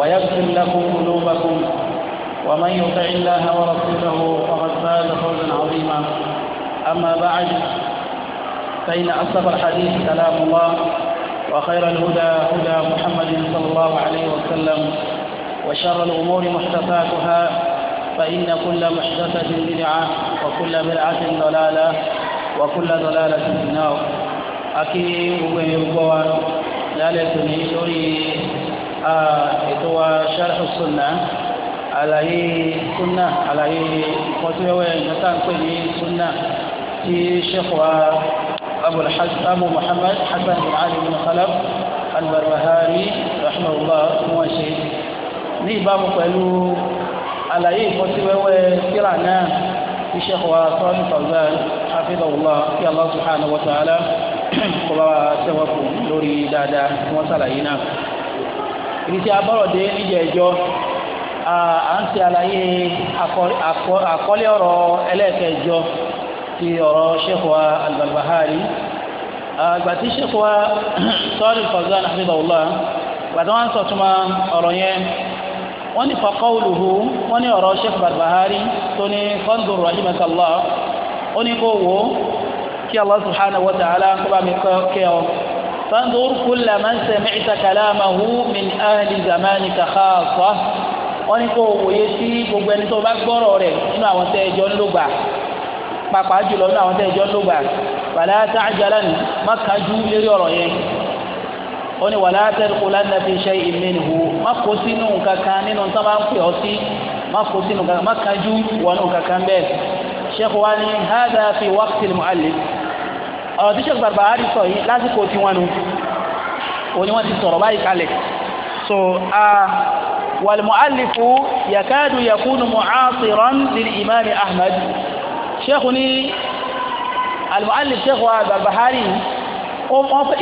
ويغفر لكم قلوبكم ومن يطع الله ورسوله فقد فاز فوزا عظيما أما بعد فإن أصدق الحديث كلام الله وخير الهدى هدى محمد صلى الله عليه وسلم وشر الأمور محدثاتها فإن كل محدثة بدعة وكل بدعة ضلالة وكل ضلالة في النار أكيد ويبقى لالة لوري آه sharh sunnah àlàyé sunnah àlàyé ìfọ́síwẹ́wẹ́ ìjọta ń pè ní sunnah tí sheikh wa abu abu muhammad hasan bin ali bin khalaf albarbahari rahimahullah fún wọn ṣe ní ìbámu pẹ̀lú àlàyé ìfọ́síwẹ́wẹ́ síra náà tí sheikh wa sọ́ọ́nù fawzan hafidhahullah kí allah subhanahu wa ta'ala kó bá wa sẹ́wọ́ fún lórí dáadáa tí wọ́n sàlàyé náà ibi tí a bọ̀rọ̀ dé níjẹ̀ ẹjọ́ à ń ṣe àlàyé àkọlé ọ̀rọ̀ ẹlẹ́ẹ̀kẹjọ ti ọ̀rọ̀ Sheikh wa Al-Barbahari àgbà tí Sheikh wa sọ́ọ́lì Fawzan hafidhahullah gbàtà wọn sọ tuma ọ̀rọ̀ yẹn wọ́n ní faqawluhu wọ́n ní ọ̀rọ̀ Sheikh Barbahari tó ní fanzur rahimakallah ó فانظر كل من سمعت كلامه من أهل زمانك خاصة، wọ́n ní kó wòye sí gbogbo ẹni tó bá gbọ́rọ̀ rẹ̀ nínú àwọn tẹ́ ẹjọ́ ń lò gbà pàápàá jùlọ nínú àwọn tẹ́ ẹjọ́ ń lò gbà wàlá ta'jalan má kájú lérí ọ̀rọ̀ yẹn ó ní wàlá tadkhulanna fi shay'in minhu má sínú nǹkan kan nínú tó bá ń pè ọ́ sí má sínú nǹkan má kájú wọnú nǹkan kan bẹ́ẹ̀ Sheikh wa ni hadha fi waqti al ọ̀rọ̀ tí sẹ́kù Barbahari sọ yìí lásìkò tí wọ́n nu òun ni wọ́n ti sọ̀rọ̀ báyìí kalẹ̀ so wàlmùálìfù yàkáàdù yakúnù mu'asiran lil imáàmì Ahmad sẹ́kù ní almu'allif sẹ́kù Barbahari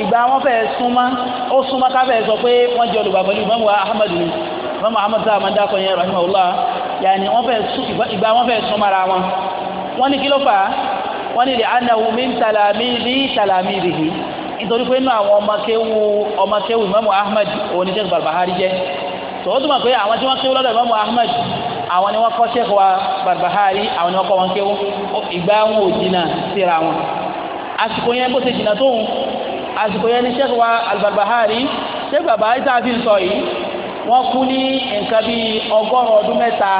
ìgbà wọn fẹ́ súnmọ́ ó súnmọ́ ká fẹ́ sọ pé wọ́n jẹ́ olùgbàgbọ́ ní ìmọ̀mù Ahmad ni ìmọ̀mù Ahmad sáà máa ń dákọ̀ yẹn kí ló fà á wọ́n ní annahu min talamidi talamidihi nítorí pé inú àwọn ọmọkéwu ọmọkéwu imamu ahmed òní sheikh barbahari jẹ́ tó o tún mọ̀ pé àwọn tí wọ́n kéwu lọ́dọ̀ imamu ahmed àwọn ni wọ́n kọ́ sheikh wa barbahari àwọn ni wọ́n kọ́ wọn kéwu ìgbà wọn ò jìnnà síra wọn àsìkò yẹn bó ṣe jìnnà tóun àsìkò yẹn ni sheikh wa albarbahari sheikh barbahari tá a fi ń sọ yìí wọ́n kú ní nǹkan bíi ọgọ́rùn-ún ọdún mẹ́ta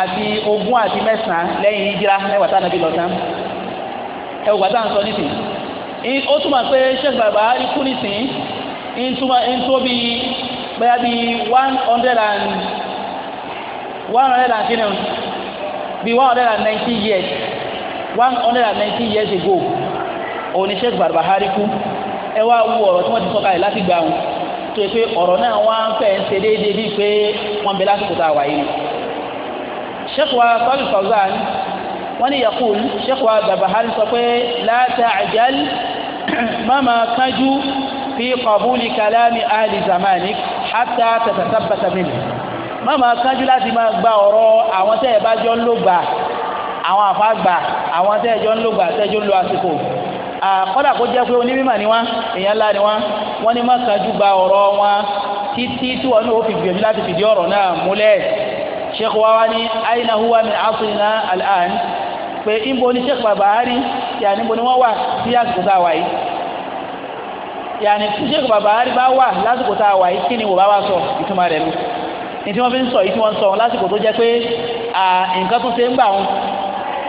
àti ogún àti mẹ́sàn-án lẹ́yìn hijira mẹ́wàá tá nàbí lọ tán ẹ wò gbàtà ń sọ nísìn ó túmọ̀ pé sheikh bàbá ikú nísìn ń túmọ̀ ń tó bí bẹ́ẹ̀ bí one hundred and one hundred and kìnnìún bí one hundred and ninety years one hundred and ninety years ago òní sheikh bàbá haríkú ẹ wá wú ọ̀rọ̀ tí wọ́n ti sọ̀kalẹ̀ láti gbà wọn tó yẹ pé ọ̀rọ̀ náà wá ń fẹ́ ṣe déédéé bíi pé wọ́n bẹ lásìkò tá a wà yìí sheikh wa sọ́ọ̀lù fawzan wọ́n ní yakul sheikh wa dabahari sọ pé la ta'jal mama kánjú fi qabuli kalami ahli zamanik hatta tatasabbata minhu mama kánjú láti máa gba ọ̀rọ̀ àwọn tẹ́ ẹ bá jọ ń lò gbà àwọn àfàgbà àwọn tẹ́ ẹ jọ ń lò gbà tẹ́ ẹ jọ ń lo àsìkò kọ́dà kó jẹ́ pé onímọ̀ ni wọ́n èèyàn ńlá ni wọ́n wọ́n ní má kánjú gba ọ̀rọ̀ wọn títí tí wọn ní o fi gbìyànjú láti fìdí ọ̀rọ̀ náà múlẹ̀ sheikh wa wá ní aina huwa min asrina al'an pé ìbò ní sheikh Barbahari yàní ìbò ni wọ́n wà sí àsìkò tá a wà yìí yàní tí sheikh Barbahari bá wà lásìkò tá a wà yìí kí ni wò bá wà sọ ìtumọ̀ rẹ̀ lu ní tí wọ́n fi ń sọ yìí tí wọ́n ń sọ lásìkò tó jẹ́ pé nǹkan tó ṣe ń gbà wọn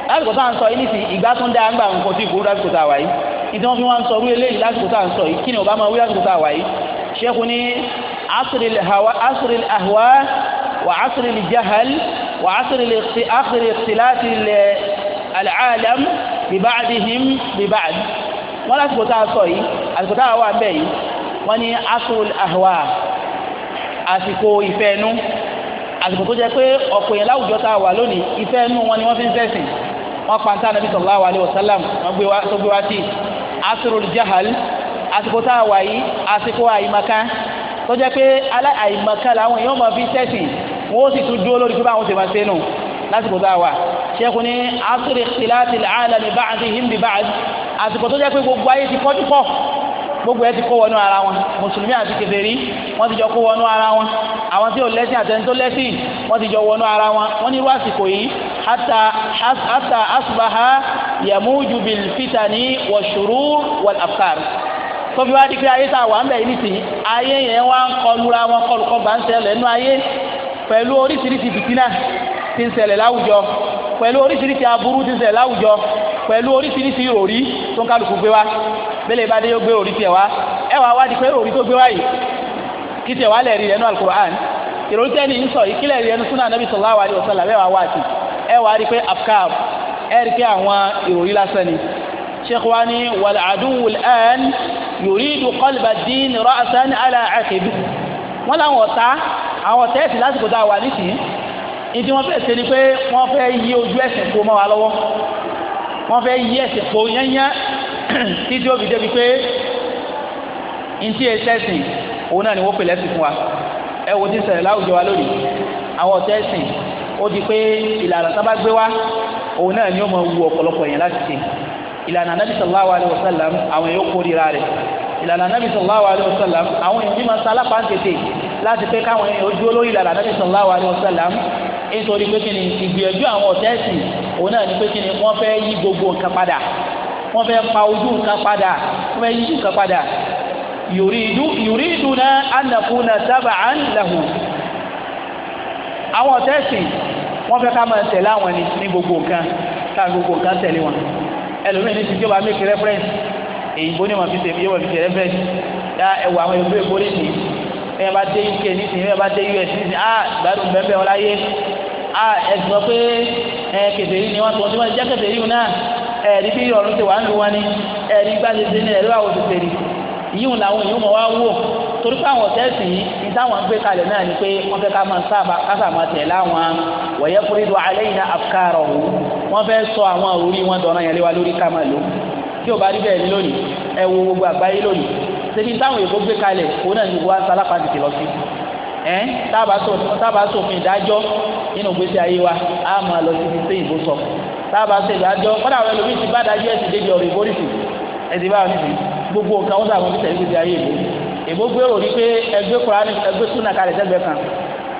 lásìkò tá à ń sọ yìí nìsín ìgbà tó ń dá ńgbà nǹkan tó ìgbòho lásìkò tá a wà yìí ìdí wọn fi wọn sọ wíwé léyìí lásìkò tá à ń sọ yìí kí ni ọba máa wí lásìkò tá a wà yìí ṣẹ́kù ní asril ahwa وعصر الجهل وعصر آخر اختلاف العالم ببعضهم ببعض wọ́n lásìkò tá a sọ yìí àsìkò tá a wà bẹ́ẹ̀ yìí wọ́n ní asul ahwa àsìkò ìfẹ́nu àsìkò tó jẹ́ pé ọ̀pọ̀ yẹn láwùjọ tá a wà lónìí ìfẹ́nu wọn ni wọ́n fi ń fẹ́sìn wọ́n pàǹtà nàbí sallallahu alaihi wasallam tó gbé wá sí asurul jahal àsìkò tá a wà yìí àsìkò àyìmọ̀kan tó jẹ́ pé àìmọ̀kan làwọn èèyàn máa fi tẹ̀sìn wọn ó sì tún dúró lórí pé báwọn ṣe máa ṣe nù lásìkò tá a wà ṣẹ́kù ní asiri ìtìláti alàmì ba'dihim bi ba'd àsìkò tó jẹ́ pé gbogbo ayé ti kọjú pọ̀ gbogbo ẹ ti kó wọnú ara wọn mùsùlùmí àti kèfèrí wọ́n ti jọ kó wọnú ara wọn àwọn tí ò lẹ́sìn àtẹni tó lẹ́sìn wọ́n ti jọ wọnú ara wọn wọ́n ní irú àsìkò yìí hata hata asbaha fitani wa shurur wal afkar tó fi wá di pé ayé tá a wà ń bẹ̀ yìí nìsín ayé yẹn wá ń kọlura wọn kọlùkọ́ bá ń ṣẹlẹ̀ nínú ayé pẹ̀lú oríṣiríṣi fìtínà tí ń ṣẹlẹ̀ láwùjọ pẹ̀lú oríṣiríṣi aburú tí ń ṣẹlẹ̀ láwùjọ pẹ̀lú oríṣiríṣi òrí tó ń kálukú gbé wa bẹ́lẹ̀ ìbádé yóò gbé òrí tiẹ̀ wá ẹ wàá wá di pé òrí tó gbé wa yìí kí tiẹ̀ wá lẹ̀ rí ẹnu alukur'an ìròyìn tẹ́ni ń sọ ìkílẹ̀ rí ẹnu súnà anábì sallallahu alaihi wasallam ẹ wàá wá àti ẹ wàá di pé afkar ẹ rí pé àwọn ìròyìn lásán ni sheikh wa ni wàlàdúnwùl ẹ́ẹ́n yuridu qalba ad-din ra'san ala 'atib wọ́n láwọn ọ̀tá àwọn ọ̀tá ẹ̀sìn lásìkò tá a wà nísìnyí ní tí wọ́n fẹ́ ṣe ni pé wọ́n fẹ́ yí ojú ẹ̀sìn kó mọ́ wa lọ́wọ́ wọ́n fẹ́ yí ẹ̀sìn kó yányá títí ó fi débi pé ntí ẹ̀sẹ̀sìn òun náà ni wọ́n pè lẹ́sìn fún wa ẹ wo ti ṣẹlẹ̀ láwùjọ wa lónìí àwọn ọ̀tá ẹ̀sìn ó di pé ìlànà sábà gbé wa òun náà ni ó mọ wu ọ̀pọ̀lọpọ̀ èèyàn láti ṣe ìlànà anabi sallallahu alayhi wa sallam àwọn yóò kórìíra rẹ̀ ìlànà anabi sallallahu alayhi wa sallam àwọn èèyàn mímọ sálápá ń tètè láti pé káwọn èèyàn ojú olórí ìlànà anabi sallallahu alayhi wa sallam nítorí pé kí ni ìgbìyànjú àwọn ọ̀tẹ́ẹ̀sì òun náà ni pé kí ni wọ́n fẹ́ yí gbogbo nǹkan padà wọ́n fẹ́ pa ojú nǹkan padà wọ́n fẹ́ yí ojú nǹkan padà yòrídú yòrídú náà ànàkúnà sábà à ń làhù àwọn ọ̀tẹ́ẹ̀sì wọ́n fẹ́ ká máa tẹ̀lé àwọn ni ní gbogbo nǹkan ká gbogbo nǹkan tẹ̀lé wọn ẹlòmíì ní ti tí ó bá make reference èyíbó ní wọn fi ṣe yóò wọn fi ṣe reference ya ẹwà àwọn èèyàn èèbó nìyí ẹ̀yàn bá dé UK nísìnyí ẹ̀yàn bá dé US nísìnyí ah gbádùn bẹ́ẹ̀ ọlá yé ah ẹ̀sìn wọn pé ẹ̀ kẹfẹ́rí ni wọ́n tó wọ́n ti wọ́n ti jẹ́ kẹfẹ́rí wọn náà ẹ̀ẹ́dì bí ọ̀run ti wà ń lu wọn ni ẹ̀ẹ́dì gbá ṣe ṣe ní ẹ̀rọ àwọn òṣèṣèrì yíyún làwọn èèyàn wá wò torí pé àwọn ọ̀tẹ́ẹ̀sì yìí ní táwọn gbé kalẹ̀ náà ni pé wọ́n fẹ́ ká máa sábà ká sábà tẹ̀ láwọn wọ̀nyẹ́ fúrídùú alẹ́ yìí ná àfikàrọ̀ òun wọ́n fẹ́ sọ àwọn òrí wọn dọ̀nà yẹn lé wa lórí ká máa lò tí ò bá rí bẹ́ẹ̀ ní lónìí ẹ wo gbogbo àgbáyé lónìí ṣebí táwọn èèbó gbé kalẹ̀ òun náà ní gbogbo àṣà alápàdìkì lọ sí ẹ tábà sòfin ìdájọ́ nínú gbèsè ayé wa á máa lọ síbi sí ìbò sọ tábà sè ìdájọ́ kọ́dà àwọn ẹlòmíì ti bá dájú ẹ̀sìn débi ọ̀rọ̀ ìbò rìsì ẹ̀sìn báwọn nìsín gbogbo nǹkan wọn sàmúlò tẹ̀lé gbèsè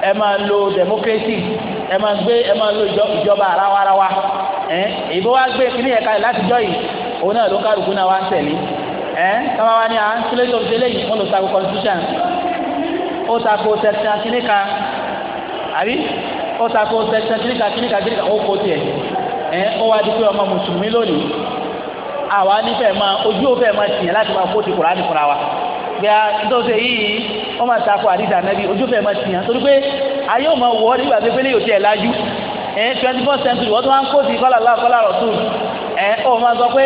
ẹ máa lo democracy ẹ máa gbé ẹ máa lo ìjọba àrawarawa ẹ ìbò wa gbé kíní ẹ̀ka rẹ̀ láti jọ yìí òun náà ló kálukú náà wá ń tẹ̀lé ẹ káwá wa ní à ń tilé tó ń tẹ̀lé yìí wọ́n lò tako constitution ó tako section kíníkà àbí ó tako section kíníkà kíníkà kíníkà ó kó tiẹ̀ ẹ ó wá di pé ọmọ mùsùlùmí lónìí àwa nífẹ̀ẹ́ máa ojú ó máa tìyàn láti máa kó ti Kùránì fúnra wa pé a nítorí yìí wọ́n máa takò àdìsí ànábì ojú fẹ́ máa tiyàn torí pé ayé ò máa wọ̀ ọ́ nígbà pé pélé yóò tiẹ̀ lájú ẹ̀ twenty four century wọ́n tún wá ń kó ti kọ́là láàkọ́ láàrọ̀ tó ẹ̀ ọ̀ máa sọ pé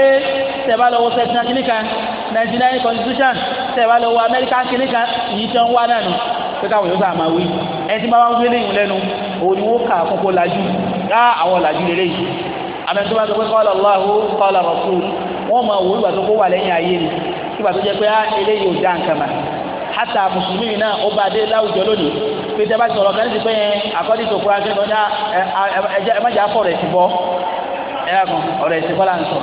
tẹ̀bá lọ́wọ́ section kìíní kan Nigerian constitution tẹ̀bá lọ́wọ́ American kìíní kan yìí tí wọ́n wá náà nù pé káwọn yóò sáà máa wí ẹ̀ tí máa wá ń wí léyìn lẹ́nu òun ni wọ́n kà á kókó lajú ká àwọn lajú lélẹ́yìn àmì tó bá sọ pé kọ́là Allahu kọ́là Rasul wọ́n máa wò ó ìgbà tó kó wà lẹ́yìn ayé ni kígbà tó jẹ́ pé á ah, eléyìí ò dá nǹkan mà hátà mùsùlùmí náà ó bá dé láwùjọ lónìí pé tẹ́ bá ti sọ̀rọ̀ kan ti pé yẹn àkọ́dí tó kura kíni kọjá ẹ má jà fọ ọ̀rọ̀ ẹ̀sìn bọ́ ẹ dàkùn ọ̀rọ̀ ẹ̀sìn kọ́ là ń sọ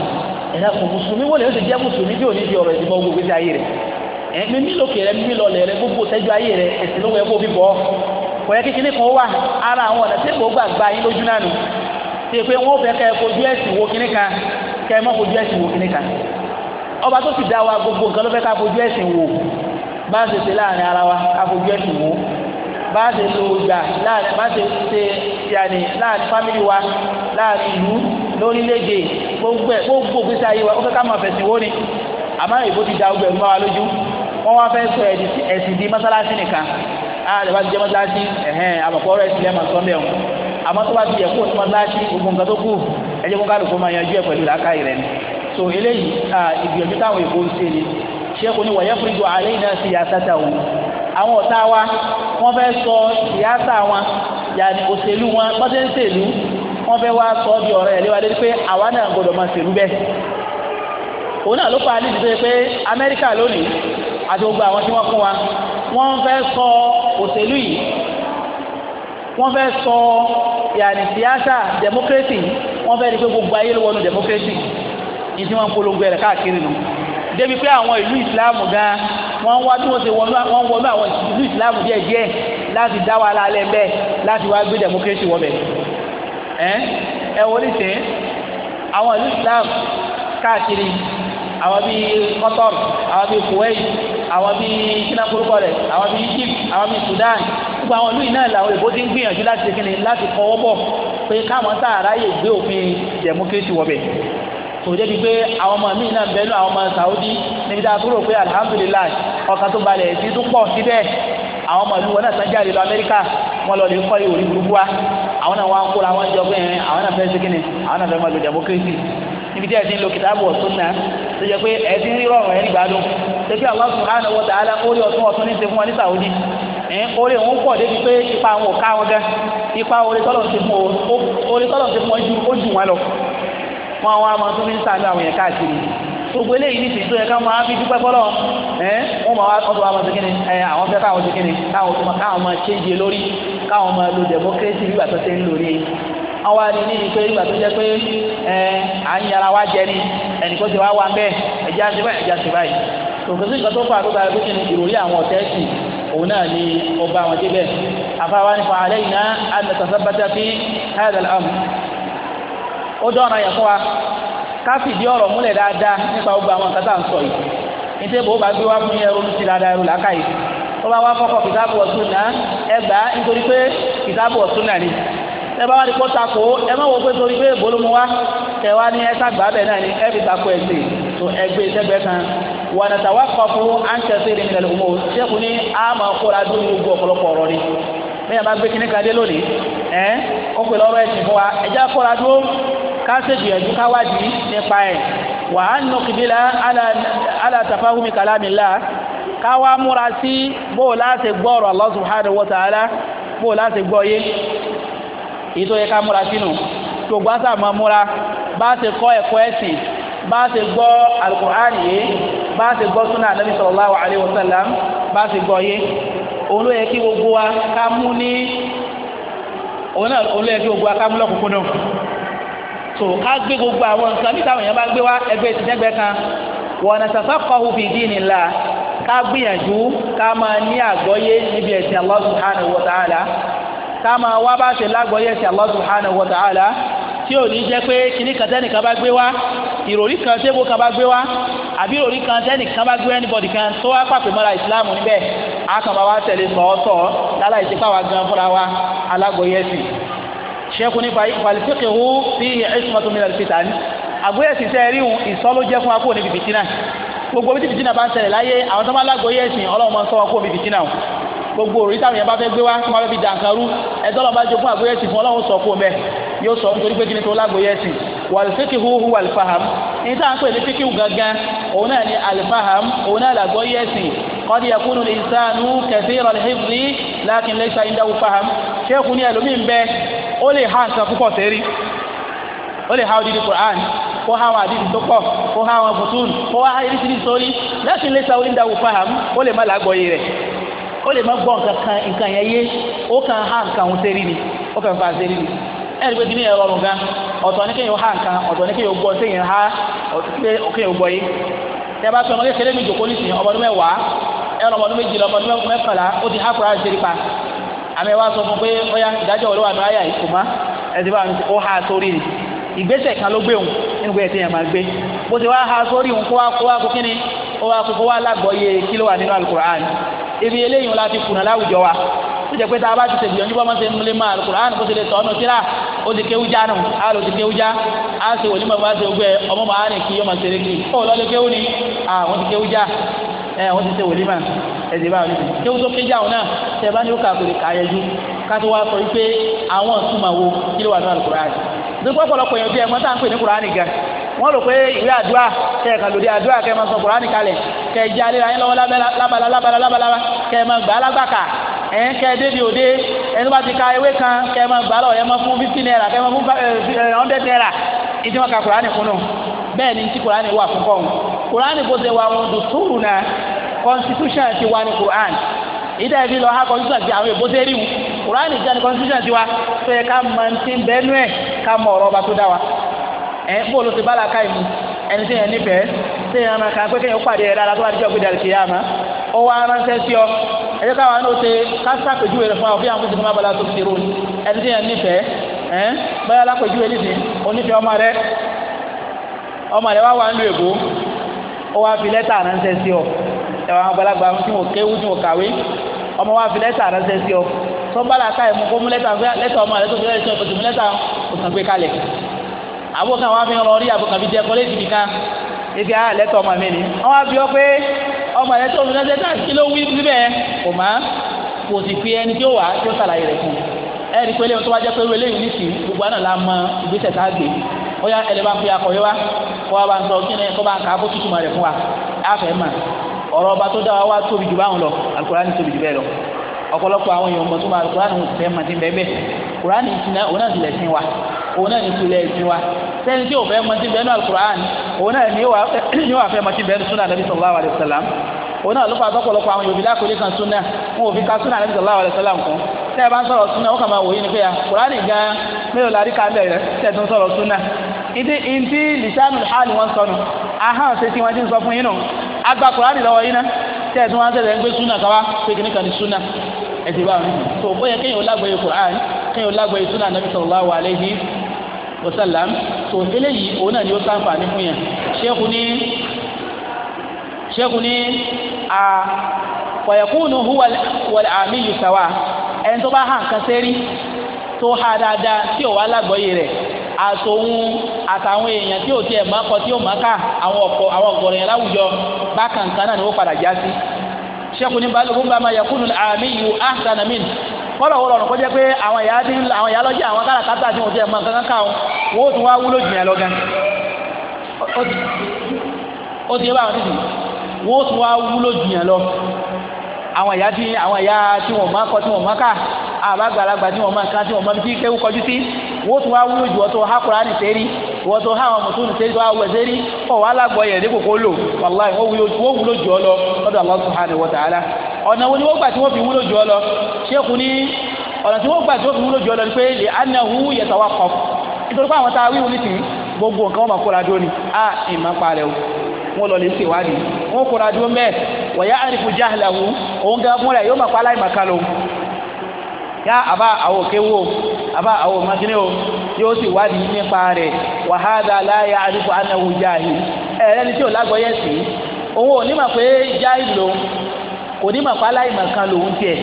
ẹ dàkùn mùsùlùmí wọlé ó sì jẹ́ mùsùlùmí tí ò ní di ọ̀rọ̀ ẹ̀sìn bọ́ gbogbo ìgbésí ayé rẹ̀ ẹ mímí lókè rẹ mímí lọlẹ rẹ gbogbo tẹjú ayé rẹ ẹsìn lówó ẹgbó bíbọ kọyẹ kékeré kan wà ara àwọn ọ̀nà tí gbogbo àgbà yín lójú náà nù tí pé wọn fẹ́ kẹ́ ẹ fojú ẹ̀sìn wo kíní kan kẹ́ ẹ ọba tó sì dá wa gbogbo nǹkan ló fẹ́ ká fojú ẹ̀sìn wò bá a ṣe ṣe láàrin ara wa ká fojú ẹ̀sìn wò bá a ṣe lo ìgbà láàrin bá a ṣe ṣe yàní láàrin fámìlì wa láàrin ìlú lórílẹ̀‐èdè gbogbo ẹ̀ gbogbo gbèsè ayé wa ó fẹ́ ká máa fẹ̀sìn wò ni àmọ́ ìbò ti da ọgbẹ́ ẹ̀rú máa wa lójú wọ́n wá fẹ́ sọ ẹ̀sìn di mọ́sálásí nìkan àlẹ́ bá ti jẹ́ mọ́sálásí ẹ̀hẹ́n àbọ̀kọ́ ọ̀rọ̀ ẹ̀sìn lẹ́mọ̀ sọ́ndẹ̀ ọ̀hún àmọ́ tó bá ti yẹ kó o ti mọ́sálásí gbogbo nǹkan tó kù ẹ̀jẹ̀ kó kálukú máa yanjú ẹ̀ pẹ̀lú làákàyè rẹ̀ ni so eléyìí ìgbìyànjú táwọn èkó ń ṣe ni ṣéèkù ni wọ̀nyẹ́ fúrijù àlẹ́ iná sí yàtàtà wọn àwọn ọ̀tá wa wọ́n fẹ́ sọ ìyáàtà wọn yàní òṣèlú wọn pọ́tẹ́ ń ṣèlú wọ́n fẹ́ wá sọ ọ́ di ọ̀rọ̀ yẹn léwa lórí pé àwa náà gbọ́dọ̀ máa ṣèlú bẹ́ẹ̀ òun náà ló fa ní ìdíje pé Amẹ́ríkà lónìí àti gbogbo àwọn tí wọ́n fún wa wọ́n fẹ́ sọ òṣèlú yìí wọ́n fẹ́ sọ yàní síyáṣà democracy wọ́n fẹ́ rí pé gbogbo ayé democracy ní tí wọ́n polongo ẹ̀rẹ̀ káàkiri nù débi pé àwọn ìlú ìsìláàmù gan wọ́n wá tí wọ́n ṣe wọ́n wọnú àwọn ìlú ìsìláàmù díẹ̀ díẹ̀ láti dá wa lálẹ́ bẹ́ẹ̀ láti wá gbé democracy wọ̀ bẹ̀ ẹ wọlé sẹ́ àwọn ìlú ìsìláàmù káàkiri àwọn bíi Qatar àwọn bíi Kuwait àwọn bíi sinakorokọ rẹ àwọn bíi Egypt àwọn bíi Sudan gbogbo àwọn ìlú yìí náà làwọn èbó ti ń gbìyànjú láti ṣe kínní láti kọwọ́ bọ̀ pé káwọn sáà ráyè gbé òfin democracy wọ̀bẹ̀ kò débi pé àwọn ọmọ mi náà bẹ́ẹ̀ nú àwọn ọmọ Saudi níbi tá a dúró pé alihamudulilayi ọkàn tó balẹ̀ ti tún pọ̀ síbẹ̀ àwọn ọmọ ìlú wọn náà sanjáde lọ Amẹ́ríkà wọn lọ lè kọ́ ìwòrí burúkú wa àwọn náà wọn kóra wọn jọ pé ẹ àwọn náà fẹ́ ṣe kíni àwọn náà fẹ́ máa lo democracy níbi tí ẹ ti ń lo kìtàbù ọ̀tún náà tó jẹ pé ẹ ti ń rí rọrùn ẹ nígbàdùn tó fi Allah subhanahu wa ta'ala orí ọ̀tún ọ̀tún ní ṣe fún wọn ní Saudi orí òun pọ̀ débi pé ipa àwọn ò ká wọn gan ipa orí tọ́lọ̀ ti fún ọ orí tọ́lọ̀ ti fún ọ ju ó jù wọn lọ wọn wá máa tún fi ń sàánú àwọn yẹn káàkiri gbogbo eléyìí nìsín tó yẹ ká máa fi dúpẹ́ fọlọ́ ẹ wọ́n máa ọdún wa máa ṣe kíni ẹ àwọn fẹ́ káwọn ṣe kíni káwọn tó máa káwọn máa ṣéǹjẹ e lórí káwọn máa lo democracy bí ìgbà tó ṣe ń lò rí àwa ni ní ìpè ìgbà tó pé ẹ à ń yàrá wa jẹ ni ẹnì kó ti wá wá bẹ́ẹ̀ ẹ̀já ṣe báyìí ẹ̀já ṣe báyìí tòkè nǹkan tó fà tó báyìí pé ìròrí àwọn ọ̀tẹ́ sì òun náà ni ọba àwọn débẹ̀ àfáwa nípa àlẹ́ yìí ná àmì tàṣàbàtà fi hàdàl àmì ó dọ́ra yẹn fún wa ká fìdí ọ̀rọ̀ múlẹ̀ dáadáa nípa gbogbo àwọn nǹkan tá à ń sọ yìí níta ìbò bá gbé wá fún yẹn ronú sí dáadáa ẹrù làákà yìí ó bá wá fọ́kọ̀ kìtàbù ọ̀tún náà ẹ gbà á nítorí pé kìtàbù ọ̀tún náà ni ẹ bá wá ní kó takò ẹ má wo pé torí pé èbó ló mu wá ẹ wá ní ẹ sàgbà bẹ́ẹ̀ náà ni ẹ fi takò ẹ sè tó ẹ gbé sẹ́gbẹ́ kan wà ní tàwa kọ fún àǹtẹ̀sí rẹ̀ nílẹ̀ lọ́wọ́ sẹ́kù ní àmọ́ kóra dúró ní gbogbo ọ̀pọ̀lọpọ̀ ọ̀rọ̀ ni bẹ́ẹ̀ bá gbé kíní kan lónìí ẹ ó pè lọ́rọ̀ ẹ̀sìn fún wa ẹ kóra dúró ká ṣègbìyànjú káwádìí nípa ẹ̀ wà á nù kìdílà alátafáhùmí kàlámìlá káwá múra sí bóò láti gbọ́ ọ̀rọ̀ Allah subhanahu wa ta'ala bóò láti gbọ́ yé èyí tó yẹ ká múra sínú gbogbo àṣà máa múra bá a ṣe kọ́ ẹ̀kọ́ ẹ̀sìn bá a ṣe gbọ́ alukur'an yìí bá a ṣe gbọ́ súnà anabi sallallahu alayhi wa sallam bá a ṣe gbọ́ yé òun ló yẹ kí gbogbo wa ká mú ní òun náà òun ló yẹ so ká gbé gbogbo àwọn nǹkan bí táwọn èèyàn bá gbé wá ẹgbẹ́ ìtìjẹ́gbẹ́ kan wọ̀nà sàfà kọ́hu fi dinillah ká gbìyànjú ká máa ní àgbọ́yé níbi ẹ̀sìn Allah subhanahu wa ta'ala ká máa wá bá ṣe lágbọ́yé ẹ̀sìn Allah subhanahu wa ta'ala tí ò ní jẹ́ pé kíní kan tẹ́nìkan bá gbé wá ìròrí kan tẹ́bù kan bá gbé wá àbí ìròrí kan tẹ́nìkan bá gbé anybody kan tó wá pàpè mọ́ra ìsìláàmù níbẹ̀ á kàn máa wá tẹ̀lé sọ̀ọ́sọ̀ láláìsí pàwọn gan fúnra wa alágbóyè sí i ṣẹ́kù nípa ìfàlìfíkìhù bí ẹ̀ṣùmọ́tò mílíọ̀nù fìtà ní àgbóyẹ̀sì tẹ́ ríhun ìsọ́ló jẹ́ fún akóò níbi fìtínà gbogbo bí fìtínà bá ń ṣẹlẹ̀ láyé àwọn tó máa lágbóyè ẹ̀sìn ọlọ́run máa ń sọ akóò níbi fìtínà gbogbo òrí táwọn yẹn bá fẹ́ gbé wá tó máa fẹ́ fi dànkarú ẹ̀tọ́ lọ́ba jogún àgbóyẹ̀sì fún ọlọ́run sọ kó mẹ́ yóò sọ nítorí pé kíni tó lágbóyẹ̀sì ní táwọn pè ní fíkìhù gangan òun náà ni àlùfàhàm òun náà قد يكون الإنسان كثير الحفظ لكن ليس عنده فهم شيخ ني به ó lè ha nǹkan púpọ̀ sẹ́rí ó lè ha odidi Qur'an kó ha àwọn àdìsí tó pọ̀ kó ha àwọn bùtùn kó ha irisiri sórí lakin laysa indahu faham ó lè má làágbọ̀yé rẹ̀ ó lè má gbọ́ nǹkan yẹn yé ó kàn ha nǹkan òun sẹ́rí ni ó kàn fa sẹ́rí ni ẹni pé di. ẹ̀rọ ọ̀rùn gan ọ̀tọ̀ ní kéèyàn ha nǹkan ọ̀tọ̀ ní kéèyàn gbọ́ kéèyàn gbọ́ yìí a bá mi jòkó nísìnyí mẹ́wàá ẹ̀rọ méjìlá mẹ́kànlá àmì wa sọ fún pé ọyá ìdájọ́ ọ̀rọ̀ wà ní àyà yìí kò má ẹ̀sìn bá ó ha sórí ni ìgbésẹ̀ kan ló gbé òun nínú ẹ̀sìn yẹn máa gbé bó ti wá ha sórí òun kó wá kó wá kó kíni ó wá kó kó wá lágbọ̀ọ́yé kí ló wà nínú alukur'an ibi eléyìí la ti kùnà láwùjọ wa ó jẹ́ pé tá a bá ti tẹ̀lé yọjú bọ́ mọ́tẹ́ nílé máa alukur'an bó ti lè tọ́nu síra ó ti kéwú já nù á lò ti kéwú já á ṣe wòlí mọ̀ bá ṣe gbẹ ọmọ mọ̀ á rìn kí yọmọ ṣe rìn kí ó lọ́ọ́ ni àwọn ti kéwú já ẹ̀ ẹ̀sẹ̀ bá rí i kéwù tó kéjà òun náà tẹ̀ bá ní ó kà kò lè kà yẹjú ká tó wá sọ wípé àwọn ìtumọ̀ wo kí ló wà nínú alukur'ani dúpọ̀ ọ̀pọ̀lọpọ̀ èèyàn bí ẹ̀gbọ́n tá à ń pè ní kur'ani gan wọ́n rò pé ìwé àdúrà kẹ́ ẹ̀ kàn lòdì àdúrà kẹ́ ẹ máa sọ kur'ani kalẹ̀ kẹ́ ẹ jẹ́ alẹ́ ayé lọ́wọ́ lábala lábala lábala kẹ́ ẹ máa gbà á lágbàkà ẹ̀ ń kẹ́ ẹ débi òde ẹni bá ti ka ewé kan kẹ́ ẹ máa gbà á lọ ẹ máa fún fifty naira kẹ́ ẹ máa fún eh, eh, hundred naira ìdí wọn ka kur'ani kunu bẹ́ẹ̀ ni ti kur'ani wà fún kọ́ kur'ani bó ṣe wà wọn dùn túrù náà constitution ti wà ní Quran ìdá lọ ha constitution ti àwọn èbó sẹ́rí Quran ìjà ní constitution ti wa tó yẹ ká mọ ti ń ẹ̀ ká mọ ọ̀rọ̀ ọba tó dá wa ẹ̀ ti bá la ká ẹni tí yẹn nífẹ̀ẹ́ tí yẹn pé kéèyàn pàdé ó wá sí ọ ẹ jẹ́ káwa náà ṣe kásá pèjúwe rẹ̀ fún àwọn ẹ̀wọ̀n àwọn àgbàlagbà tí mo kéwú tí mo kàwé ọmọ wa fi lẹ́tà ránṣẹ́ sí ọ sọ́mbàlà ká ẹ̀ mú kó mú lẹ́tà lẹ́tà ọmọ rẹ̀ tó fi lẹ́tà ọ̀tún mú lẹ́tà òsàn gbé kalẹ̀ àbúkà wa fi rán rí àbúkà fi jẹ kọ́lé ìdìbì kan ibi a ah, lẹ́tà ọmọ mi ni wọ́n wá fi ọ pé ọmọ rẹ̀ tó fi lẹ́tà tá kí ló wí síbẹ̀ kò má kò sì fi ẹni tí ó wà tí ó sàlàyé rẹ̀ fún ẹni pé eléyìí tó wá jẹ́ pé eléyìí nìsí gbogbo àná la mọ ìgbésẹ̀ tá a gbé ó yá ẹlẹ́bàá fi akọ̀wé wa kó wa bá ń sọ kí ni kó bá ń kà á kó tútù mọ́ rẹ̀ fún wa á fẹ́ mọ̀ ọ̀rọ̀ ọba tó dá wa wá tóbi jù báwọn lọ alukurani tóbi jù bẹ́ẹ̀ lọ ọ̀pọ̀lọpọ̀ àwọn èèyàn mọ̀tún máa alukurani ò fẹ́ mọ̀tí bẹ́ẹ̀ kurani ìsinà òun náà ti lẹ̀ sin wa òun náà ni tulẹ̀ sin wa sẹ́ni tí ò fẹ́ mọ̀tí bẹ́ẹ̀ náà alukurani òun náà ni yóò wá fẹ́ mọ̀tí bẹ́ẹ̀ sunna nabi sallallahu alayhi wa sallam òun náà ló fà tọ́pọ̀lọpọ̀ àwọn yorùbá kò lè kan sunna wọn ò fi ka sunna nabi sallallahu alayhi wa sallam kan tẹ́ ẹ bá ń sọ̀rọ̀ sunna ó kà máa wòye ni pé ya kurani gan mélòó la rí ká bẹ̀rẹ̀ tẹ́ tún sọ̀rọ̀ sunna ìdí ìdí lisanu hali wọn sọnù ahọ́n ṣe tí wọ́n ti ń sọ fún yín nù agba kùránì lọ́wọ́ yín ná tẹ́ ẹ̀ tí wọ́n tẹ̀lé ń gbé súnà káwá pé kìnnì kan ní súnà ẹ̀ ti bá wọn tó ó yẹ kéèyàn lágbàáyé kùránì kéèyàn lágbàáyé súnà nàbí sallallahu alaihi wasallam tó eléyìí òun náà ni ó ṣàǹfààní fún yẹn ṣéèkù ní ṣéèkù ní a fọ̀yẹ̀kùnù wọlé àmì yìí sàwà ẹni tó bá hàn kan sẹ́rí tó há dáadáa tí ò wá lágbàáyé rẹ̀ àtòun àtàwọn èèyàn tí ò tiẹ̀ mọ́kọ tí ò mọ́ká àwọn ọ̀pọ̀ àwọn ọ̀gọ̀rọ̀ yẹn láwùjọ bákan kan náà ni ó padà já sí sẹ́kù ní balùwẹ̀ bá máa yẹkùnú àmì yù áhùsánà mí kọ́lọ̀ wọ́n rọrùn kó jẹ́ pé àwọn ìyá dín àwọn ìyá lọ́jà àwọn káràkátà tí wọ́n ti ẹ̀mọ́ nǹkan ká wọn wọ́n ó tún wá wúlò jìyàn lọ gan ó ti yẹ báwọn títì wọ́n ó tún wá wúlò jìyàn lọ àwọn ìyá tí àwọn ìyá tí wọ́n máa kọ tí wọ́n máa kà àbágbàlagbà tí wọ́n máa kà tí wọ́n máa fi kéwú kọjú sí wọ́n tún wá wúlò jù ọ́ tó há Kùránì sẹ́rí wọ́n tó há àwọn mùsùlùmí sẹ́rí tó há wẹ̀ sẹ́rí ọ̀ wá lágbọ̀ dípò kó lò wàláì wọ́n wúlò jù ọ́ lọ lọ́dọ̀ Allah subhanahu wa ta'ala ọ̀nà wo ni wọ́n gbà tí wọ́n fi wúlò jù ọ́ lọ ṣéèkù ní ọ̀nà tí wọ́n gbà tí wọ́n fi wúlò jù ọ́ lọ ni pé lè anahu yatawaqqaf nítorí pé àwọn tá a wíwú nísìnyí gbogbo nǹkan wọn máa kóra dóni a ìmọ̀ pa rẹ̀ o wọ́n lọ lè ṣèwádìí wọ́n kóra dúró mẹ́ẹ̀ wọ̀yá àrífù jáhìláwù òun ga fún yóò máa pa aláìmọ̀ká lò yá àbá àwọn òkè àbá àwọn o yóò sì wádìí nípa rẹ̀ wàhálà láyà àrífù tí ò lágbọ́yẹ̀ sí òun ò ní mà pé kò ní mà pa lòun tiẹ̀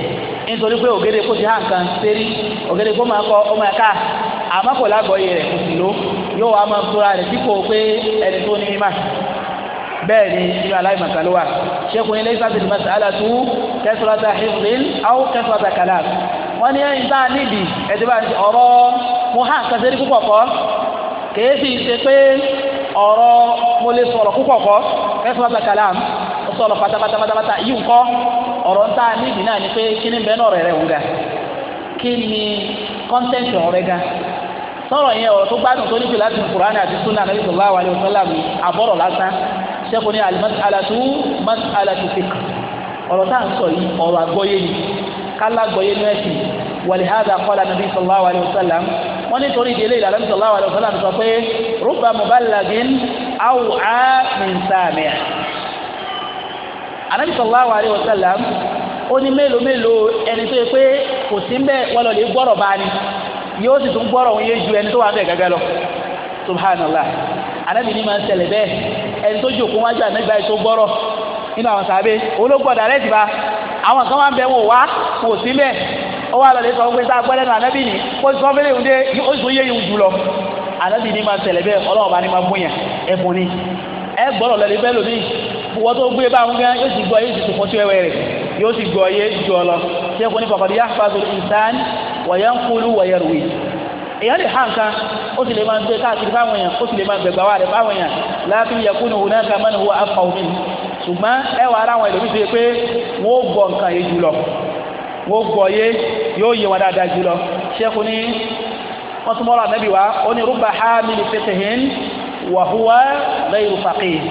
nítorí pé ògèdè kò ti hàn kan sérí ògèdè kò máa kọ ọmọ ẹ̀ka àmọ́ kò lágbọ́yẹ̀ rẹ̀ kò sì yóò wá máa bẹ́ẹ̀ ni inú aláìmọ̀kan ló wà ṣékun ilé sábẹ̀ ní masala tú kẹsùlọ́tà hifdin aw kẹsùlọ́tà kalam wọ́n ní ẹ̀yìn tá a níbi ẹ̀dí bá ọ̀rọ̀ mo hàn kàṣẹ́rí púpọ̀ kọ́ kèé sì ṣe pé ọ̀rọ̀ mo lè sọ̀rọ̀ púpọ̀ kọ́ kẹsùlọ́tà kalam ó sọ̀rọ̀ pátápátápátá yìí ń kọ́ ń tá a níbi náà ni pé kí ni bẹ́ẹ̀ náà rẹ̀ wù ga kí ni kọ́ńtẹ́ǹtì ọ̀rẹ́ ga sọ̀rọ̀ yẹn ọ̀rọ̀ tó gbádùn tó níbi láti Kùránì àti súnà nàbí sọ̀rọ̀ àwọn òṣèlú àbọ̀rọ̀ lásán sẹ́kùn ní alimasalatu masalatu fik ọ̀rọ̀ tá à ń sọ yìí ọ̀rọ̀ àgbọ́yé ni kálá àgbọ́yé ní ẹ̀sìn wàlíhàdà kọ́lá nàbí sallallahu alayhi wa sallam wọ́n ní torí ìdílé ìlànà sallallahu alayhi wa sallam sọ pé rúbà mubalagin aw a min sami'a anabi sallallahu alayhi ó ní mélòó mélòó ẹni tó yẹ pé kò sí mbẹ́ wọ́n gbọ́rọ̀ ẹni tó jòkó wájú ànágbà ètò gbọ́rọ̀ nínú àwọn sàbẹ̀ olóògbọ̀ dàrẹ́tì bá àwọn kan máa ń bẹ wọn wá wọn sí mẹ́ ó wà lọ́lẹ́ sọ pé sá gbọ́dẹ̀ nù ànábì ni ó sọ fẹ́lẹ́ ìhùn dé ó ìhùn jù ànábì ni máa tẹ̀lẹ̀ bẹ́ẹ̀ ọlọ́run bá ní máa bóyá ẹ̀bùn ni ẹ gbọ́dọ̀ lọ́lẹ́ bẹ́ẹ̀ lómi wọ́n tó gbé báwọn gan yóò sì gbọ́ yóò sì sùn fún rẹ̀ yóò sì gbọ́ yé jù ọ lọ ṣé ní fọkàdé yá fásitì ìsán wọ̀yẹ́ ń kúlú wọ̀yẹ́ rùwé èèyàn lè ha nǹkan ó sì lè máa gbé káàkiri fáwọn èèyàn ó sì lè máa gbẹ̀gbà wà rẹ̀ fáwọn èèyàn láàfin yakunu hunaka man huwa afqahu min ṣùgbọ́n ẹ wà ara àwọn ẹlòmíì ṣe pé wọ́n ó gbọ́ nǹkan yé jùlọ wọ́n ó gbọ́ yé yóò yé wọn dáadáa jùlọ ṣẹ́kù ní wọ́n tún mọ́ra nẹ́bí wa ó ní rúbà ha mílì fiqhin wa huwa ghayru faqih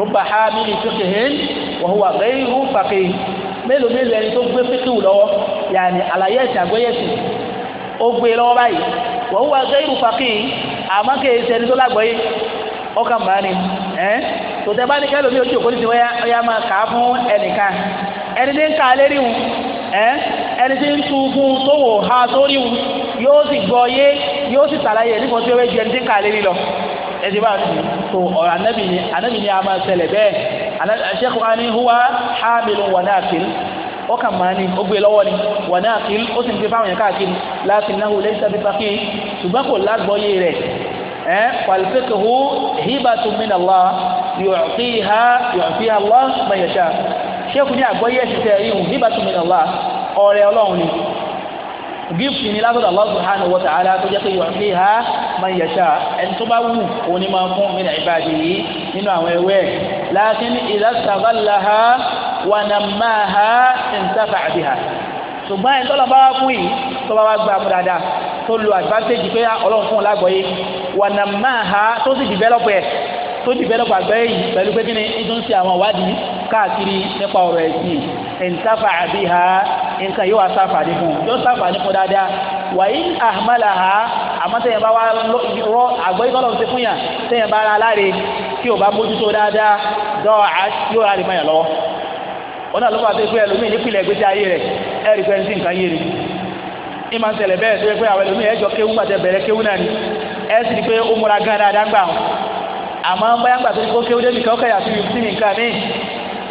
rúbà ha mílì fiqhin wa huwa ghayru faqih mélòó mélòó ẹni tó gbé fíkìwù lọ́wọ́ yàní àlàyé ẹ̀sìn àgbẹ̀yẹ̀sìn ó gbé e lọ́wọ́ báyìí wọ́n wá gẹ́rù fàkì àmọ́ kì í sẹ́ni tó lágbọ́yé ọkàn bá ní ẹ́ tòtẹ́ bá ní kẹ́ lómi ojú òkúti wọ́n yá máa kà á fún ẹnìkan ẹni tí ń ka lérí wọn ẹ́ ẹni tí ń tu fún tó wò ha sórí wọn yóò sì gbọ́ yé yóò sì tàlàyé nípa tí ó wé ju ẹni tí ń ka lérí lọ ẹni bá ti tó ọ̀rọ̀ anábì ni ni a máa ṣẹlẹ̀ bẹ́ẹ̀ ṣẹ́kùn ọkàn máa ní ó gbé lọ́wọ́ ni wà náà kí ó sì ń fi fáwọn yẹn káàkiri láti náà wọlé sábẹ fàkì ṣùgbọ́n kò lágbọ́yé rẹ̀ ẹ pàlùfẹ́kẹ̀hó hibatu min Allah yu'tiha yu'tiha Allah man yasha ṣéèkù ní àgbọ́yé ẹ̀sìn tẹ̀ ihun hibatu min Allah ọrẹ ọlọ́run ni gift ni látọ̀dọ̀ Allah subhanahu wànàmáhà ìntàfà àbíhà ṣùgbọ́n ẹni tọ́lọ́ bá wá fún yìí tó bá wá gbà mú dáadáa tó lo advantage pé ọlọ́run fún un lágbọ̀ọ́yé wànàmáhà tó sì develop ẹ̀ tó develop àgbẹ̀yẹ yìí pẹ̀lú pé kí ni ń ṣe àwọn ìwádìí káàkiri nípa ọ̀rọ̀ ẹ̀sìn ìntàfà àbíhà nǹkan yóò wá sáfàní fún yóò sáfàní fún dáadáa wàyí àmàlà ha bá wá rọ àgbọ̀yé tọ́lọ̀ ti fún yàn tẹ̀yìn bá ra aláre kí o bá mójútó dáadáa dọ́ọ̀ yóò rà lè lọ́wọ́ wọn náà ló bá fẹ́ pé ẹlòmíì nípìnlẹ̀ gbèsè ayé rẹ̀ ẹ̀ rí pẹ́ẹ́ntì nǹkan yé ni ní máa ń tẹ̀lẹ̀ bẹ́ẹ̀ tó yẹ pé àwọn ẹlòmíì ẹ̀jọ̀ kéwú gbàtẹ̀ bẹ̀rẹ̀ kéwú náà ni ẹ̀ sì ni pé ó múra gan dáadáa gbà wọn àmọ́ báyà gbà tó ti kó kéwú débi kan ó kẹ̀yà sí mi sí mi nǹkan mi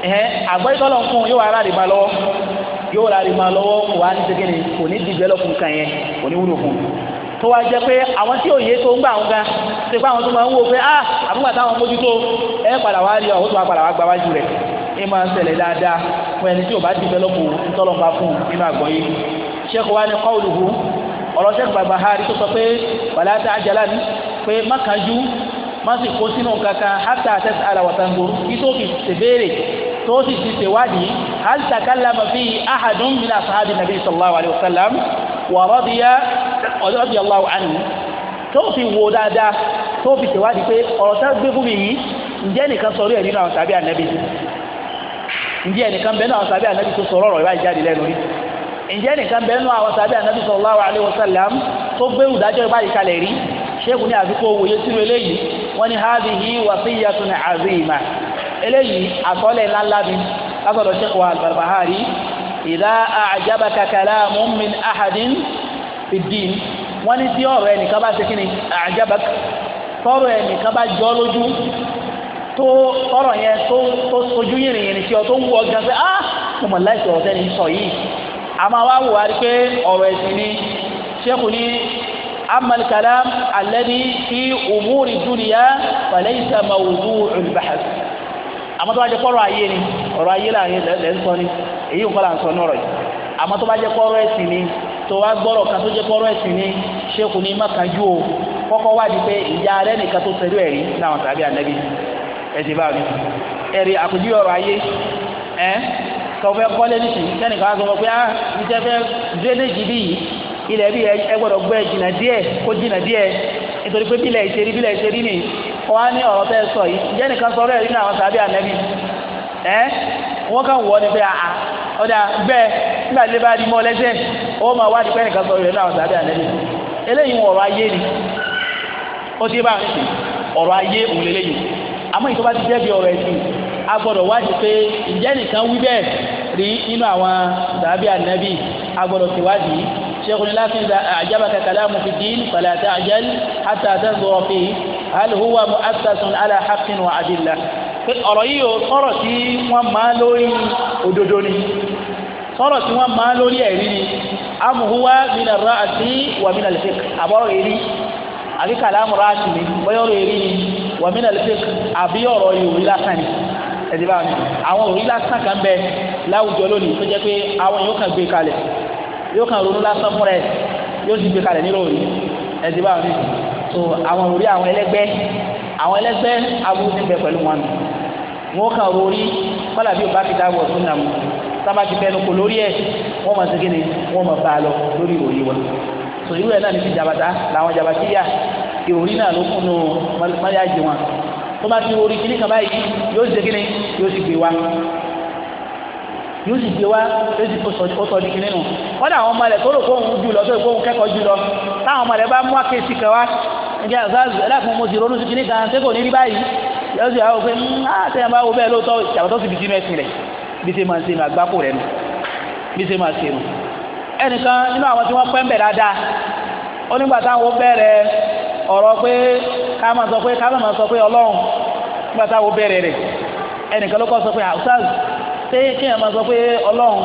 ẹ̀hẹ́n àgbọ̀ ìtọ́lọ̀ fún yóò ara rè máa lọ́wọ́ yóò ara rè lọ́wọ́ kò wá ní segin ni kò ní develop nǹkan yẹn kò ní wúlò fún tó wá jẹ pé àwọn tí òye tó ń gbà wọn gan ṣe pé àwọn tó máa ń wò pé ah àbúgbà táwọn mójútó ẹ padà wá rí ọ ó tún wá padà wá gbáwájú rẹ ẹ máa ń ṣẹlẹ̀ dáadáa fún ẹni tí ò bá dìbẹ́lọ́pù ntọ́lọ́mba fún nínú àgbọ̀yé sẹ́kọ̀ wa ni kọ́ọ̀lùhù ọ̀rọ̀ sẹ́kọ̀ bàbá hari tó sọ pé wàlá tá a jàlá ni pé má kánjú má sì kó sínú kankan hátà àtẹ́sí àlàwọ̀tàǹgò kí tó fi ṣèbéèrè tó sì ti ṣèwádìí hal takallama fi ahadun min asahabi nabi sallallahu alayhi wa sallam wa radiya radiyallahu anhu tó fi wo dáadáa tó fi ṣèwádìí pé ọ̀rọ̀ gbé fún mi yìí ǹjẹ́ nìkan sọ orí ẹ̀ nínú àwọn tàbí ànábì ǹjẹ́ ẹnìkan bẹ́ẹ̀ náà sábẹ́ ànábì tó sọ̀rọ̀ ọ̀rọ̀ ìbáyìí jáde lẹ́nu rí ǹjẹ́ ẹnìkan bẹ́ẹ̀ náà àwọn sábẹ́ ànábì sallallahu alaihi wasallam tó gbérù dájọ́ ìbáyìí kalẹ̀ rí ṣéèkù ní àfikún owó yẹn sínú eléyìí wọ́n ní hadhihi wasiyyatun azima eléyìí àkọọ́lẹ̀ ńláńlá mi látọ̀dọ̀ ṣéèkù al-Barbahari idha tó ọ̀rọ̀ yẹn tó tó sojú yìnrìn yìnrìn sí ọ tó wú ọ gan pé ah mo mọ̀ láìsí ọ̀rọ̀ sẹ́ni sọ yìí àmọ́ wá wò wá rí pé ọ̀rọ̀ ẹ̀sìn ni ṣéèkù ni amal kalam alladhi fi umuri dunya falaysa mawdu'ul bahth àmọ́ tó bá jẹ́ kọ́rọ̀ ayé ni ọ̀rọ̀ ayé là lẹ́ ń sọ ni èyí ò kọ́ là ń sọ ní ọ̀rọ̀ yìí àmọ́ tó bá jẹ́ kọ́rọ̀ ẹ̀sìn ni tó wá gbọ́rọ̀ kan tó jẹ́ kọ́rọ̀ ẹ̀sìn ni ṣéèkù ni má kánjú o kọ́kọ́ wádìí pé ìyá rẹ̀ nìkan tó tẹ̀lé ẹ̀rí láwọn tàbí ànábì ẹ̀sìn bá ẹ̀rí àpèjúwe ọ̀rọ̀ ayé ẹ̀ kọ́ kọ́lé nìsín sẹ́nìkan á sọ fún pé á ah, ìjẹ́ fẹ́ drénéjì bí yìí ilẹ̀ bí ẹ gbọ́dọ̀ gbẹ́ jìnnà díẹ̀ kó jìnnà díẹ̀ nítorí pé bílẹ̀ ìṣerí bílẹ̀ ìṣerí ní ọ̀rọ̀ tẹ́ sọ yìí nìkan sọ rẹ̀ rí náà sábẹ́ ànẹ́bí kàn ni pé ah, ah, nígbà tí bá di máa wá nìkan sọ náà sábẹ́ ànẹ́bí eléyìí ayé ni ó ti bá ayé òun àmọ́ ìtọ́ bá ti jẹ́bi ọ̀rọ̀ ẹ̀sìn a gbọ́dọ̀ wádìí pé ǹjẹ́ nìkan wí bẹ́ẹ̀ rí nínú àwọn sàbí ànábì a gbọ́dọ̀ tìwádìí ṣẹ́kùnrin láti àjábàkà kàlámù fi dín fàlàtà àjẹ́l hàtà àtẹ́sọ̀rọ̀ fi àlùhùwà mu àtàsùn aláhàfin wà àdìlà pé ọ̀rọ̀ yìí o sọ̀rọ̀ tí wọ́n máa lórí òdodo ni sọ̀rọ̀ tí wọ́n máa lórí ẹ̀rí ni amuhuwa mina ra'asi wa mina lifik àbọ̀rọ̀ èrí àbí kàlámù ra'asi ni bọ́yọ̀rọ̀ èrí ni wàmínà lè fi àbí ọ̀rọ̀ ìròyìn lásán ni ẹ̀dí bá mi àwọn òròyìn lásán kan bẹ láwùjọ lónìí tó jẹ́ pé àwọn yóò kàn gbé kalẹ̀ yóò kàn ronú lásán fúnra ẹ̀ yóò sì gbé kalẹ̀ nírò yìí ẹ̀dí bá mi so àwọn òròyìn àwọn ẹlẹ́gbẹ́ àwọn ẹlẹ́gbẹ́ aburú ti bẹ pẹ̀lú wọn wọn kàn rori kọ́lá bí o bá fi dáwọ̀ tó nà mú sábà ti bẹnu kò lórí ẹ̀ wọ́n máa segin ni wọ́n máa bá a lọ lórí òye wọn so irú ẹ̀ náà ní ti jabata làwọn jabatiya ìròyìn náà ló kúnnú mọ́lẹ́yàjì wọn tó bá ti orí kíní kan báyìí yóò ṣe kíní yóò sì gbé wa yóò sì gbé wa yóò sì kó sọ di kíní nù wọ́n dà ọmọ rẹ̀ tó rò kóhun jù lọ tó rò kóhun kẹ́kọ̀ọ́ jù lọ táwọn ọmọ rẹ̀ bá mú àkéésì kan wá mo sì ronú sí kíní kan ní rí báyìí yóò sì hmm, ah, àwọn ọ̀rọ̀ pé ká máa sọ pé ká máa sọ pé ọlọ́run nígbà wo bẹ̀rẹ̀ rẹ̀ ẹnìkan ló kọ́ sọ pé ah, máa sọ pé ọlọ́run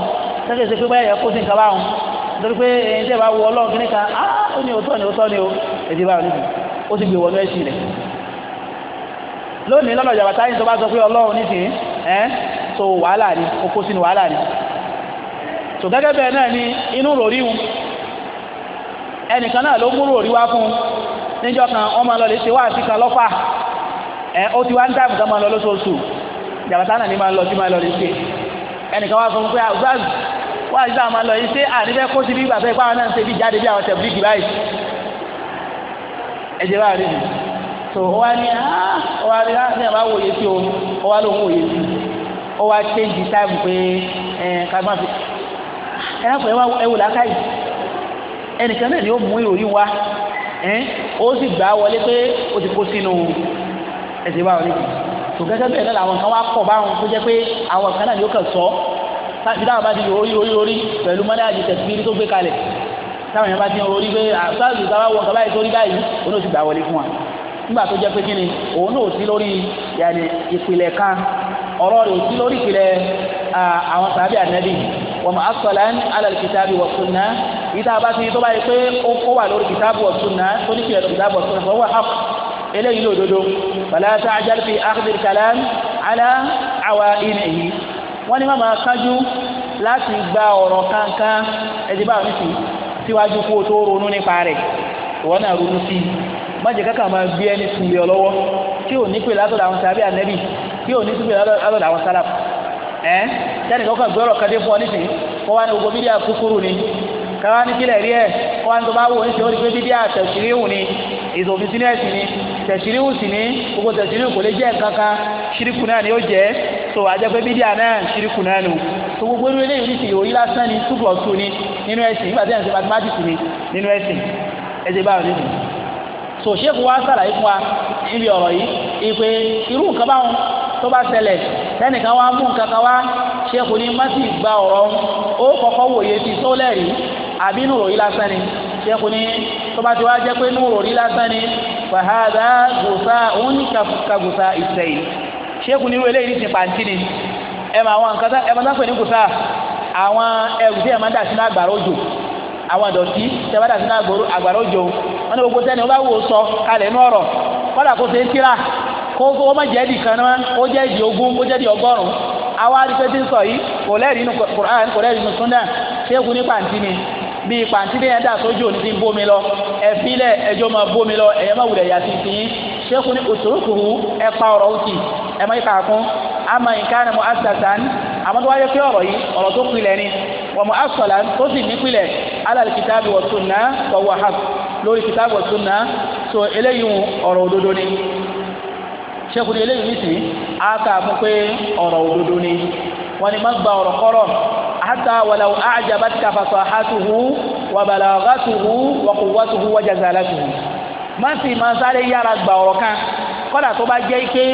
sẹ́kẹ̀ ṣe pé sí nǹkan báwọn nítorí pé tẹ́ bá wo ọlọ́run kí nìkan á ah, ó ní òótọ́ ni òótọ́ ni o èdè báwọn níbi ó sì gbé wọnú ẹ̀sìn rẹ̀ lónìí lọ́nà ìjàmbá táyìn tó bá sọ pé ọlọ́run nísìnyí ẹ́ so wàhálà ni sínú wàhálà ni so gẹ́gẹ́ bẹ́ẹ̀ níjọ́ kan wọ́n máa lọ lè ṣe wá àti kan lọ́fà ẹ ó ti wá ń dáàbò kan máa lọ lóṣooṣù jàbátá náà ni máa lọ sí máa lọ lè ṣe ẹnìkan wá fún pé àgbáàz wá àti sáà máa lọ yìí ṣé àníbẹ́ kó sí bí ìgbà fẹ́ náà ń ṣe bí jáde bí àwọn tẹ̀bílì báyìí ẹ jẹ́ báyìí nìyí tó ó wá ní ah, ó wá ní ní ah, àbá wòye sí o ó wá lóun wòye sí ó wá change time pé ẹ ká ẹ náà pẹ̀lú ẹ wò lákàyè ẹnìkan náà ni ó mú ìròyìn wá ẹ́ ó sì gbà wọlé pé ó ti kó sínú ẹsẹ̀ báwọn níbi tó gẹ́gẹ́ bẹ́ẹ̀ náà làwọn kan wá pọ̀ báwọn tó jẹ́ pé àwọn kan náà yóò kàn sọ bí táwọn bá ti yọ orí orí orí pẹ̀lú mọ́lẹ́ àjẹsẹ̀ tẹ̀síbírí tó gbé kalẹ̀ táwọn yẹn bá ti yọ orí pé àṣàlù táwa wọ kaba ìtorí báyìí òun náà ti gbà wọlé fún wa nígbà tó jẹ́ pé kí ni òun náà ò sí lórí ìpìlẹ̀ kan ọ̀rọ̀ rẹ̀ ò sí lórí ìpìlẹ̀ àwọn sàbí ànẹ́bí wọ́n máa sọ̀lá ní alàlẹ́ kìtàbí wọ̀ sunna ìta bá ti tó báyìí pé ó wà lórí kìtàbí wọ̀ sunna tó ní kìlẹ̀ kìtàbí wọ̀ sunna fọwọ́ wà hàp eléyìí ló dodo bàlá tá a jálfi akhdir kalam ala àwa ilẹ̀ yìí wọ́n ní má máa kájú láti gba ọ̀rọ̀ kankan ẹ̀dí báwọn nìsí síwájú kó o tó ronú nípa rẹ̀ ìwọ náà ronú sí i má jẹ́ káka máa gbé ẹni sùn lé ọ lọ́wọ́ tí ò ní pè látọ̀dọ̀ àwọn sàbí ẹ sẹ́ni kọ́kọ́ gbé ọ̀rọ̀ kadé fún ọ nísìnyí wọ́n wá ní gbogbo bídíà kúkúrú ni káwá ní kílẹ̀ rí ẹ̀ wọ́n wá ní tó bá wò ní sèwọ́n ní pé bídíà tẹ̀síríhù ni ìzòfin sínú ẹ̀sìn ni tẹ̀síríhù sì ni gbogbo tẹ̀síríhù kò lè jẹ́ kankan ṣíríkù náà ni ó jẹ́ tó àjẹ́ pé bídíà náà ṣíríkù náà nù tó gbogbo irú eléyìí ní ìròyìn lásán ni two plus ni nínú ẹ̀sìn nígbà tí ẹ̀ ń ṣe mathematics ni nínú ẹ̀sìn ẹ̀jẹ̀ báwọn nínú so ṣéèkù wa sàlàyé fún wa níbi ọ̀rọ̀ yìí ìpè irú nǹkan báwọn tó bá ṣẹlẹ̀ lẹ́nìkan wá mú nǹkan kan wá ṣéèkù ní má sì gba ọ̀rọ̀ ó kọ́kọ́ wòye sí tó lẹ́rìí àbí nù ròyìn lásán ni ṣéèkù ní tó bá ti wá jẹ́ pé nù ròyìn lásán ni fàhádà gùsà òun kàgùsà ìsẹ̀yìn ṣéèkù ní wọlé yìí ti pàǹtí ni ẹ máa wọn nǹkan ẹ máa sáfẹ̀ ní gùsà àwọn ẹrù tí ẹ máa dà sínú àgbàrá òjò àwọn ìdọ̀tí tẹ bá dà sínú àgbàrá òjò wọn ní gbogbo sẹ́ni wọn bá wò kó wọ́n má jẹ́ di kan náà ó jẹ́ di ogún ó jẹ́ di ọgọ́rùn-ún àwa arífẹ́ ti ń sọ yìí kò lẹ́rìí nínú Qur'an kò lẹ́rìí nínú sunna ṣéèkùn ní pàǹtí mi bíi pàǹtí bẹ́ẹ̀ dà sójú òní ti ń bómi lọ ẹ̀fílẹ̀ ẹjọ́ máa bómi lọ ẹ̀yẹ́ máa wulẹ̀ yà sí ti yín ṣéèkùn ní òtòrókùrú ẹ pa ọ̀rọ̀ òtì ẹ má yí kàkún àmọ́ nǹkan mu asasan àmọ́ tó wáyé pé ọ̀rọ̀ yìí ọ̀rọ̀ tó pilẹ̀ ni wọ́n mu asọ̀là tó sì ní pilẹ̀ alal kitabi wa sunna wa wahab lórí kitabi wa sunna so eléyìí ọ̀rọ̀ òdodo ni ṣẹ́kùrú eléyìí nísìnyí á kà fún pé ọ̀rọ̀ òdodo ni wọ́n ní má gba ọ̀rọ̀ kọ́rọ̀ hatta wàlà àjàbátíkà fasahatuhu wa balagatuhu wa quwwatuhu wa jazalatuhu má sì má sáré yára gba ọ̀rọ̀ kan kọ́dà tó bá jẹ́ ike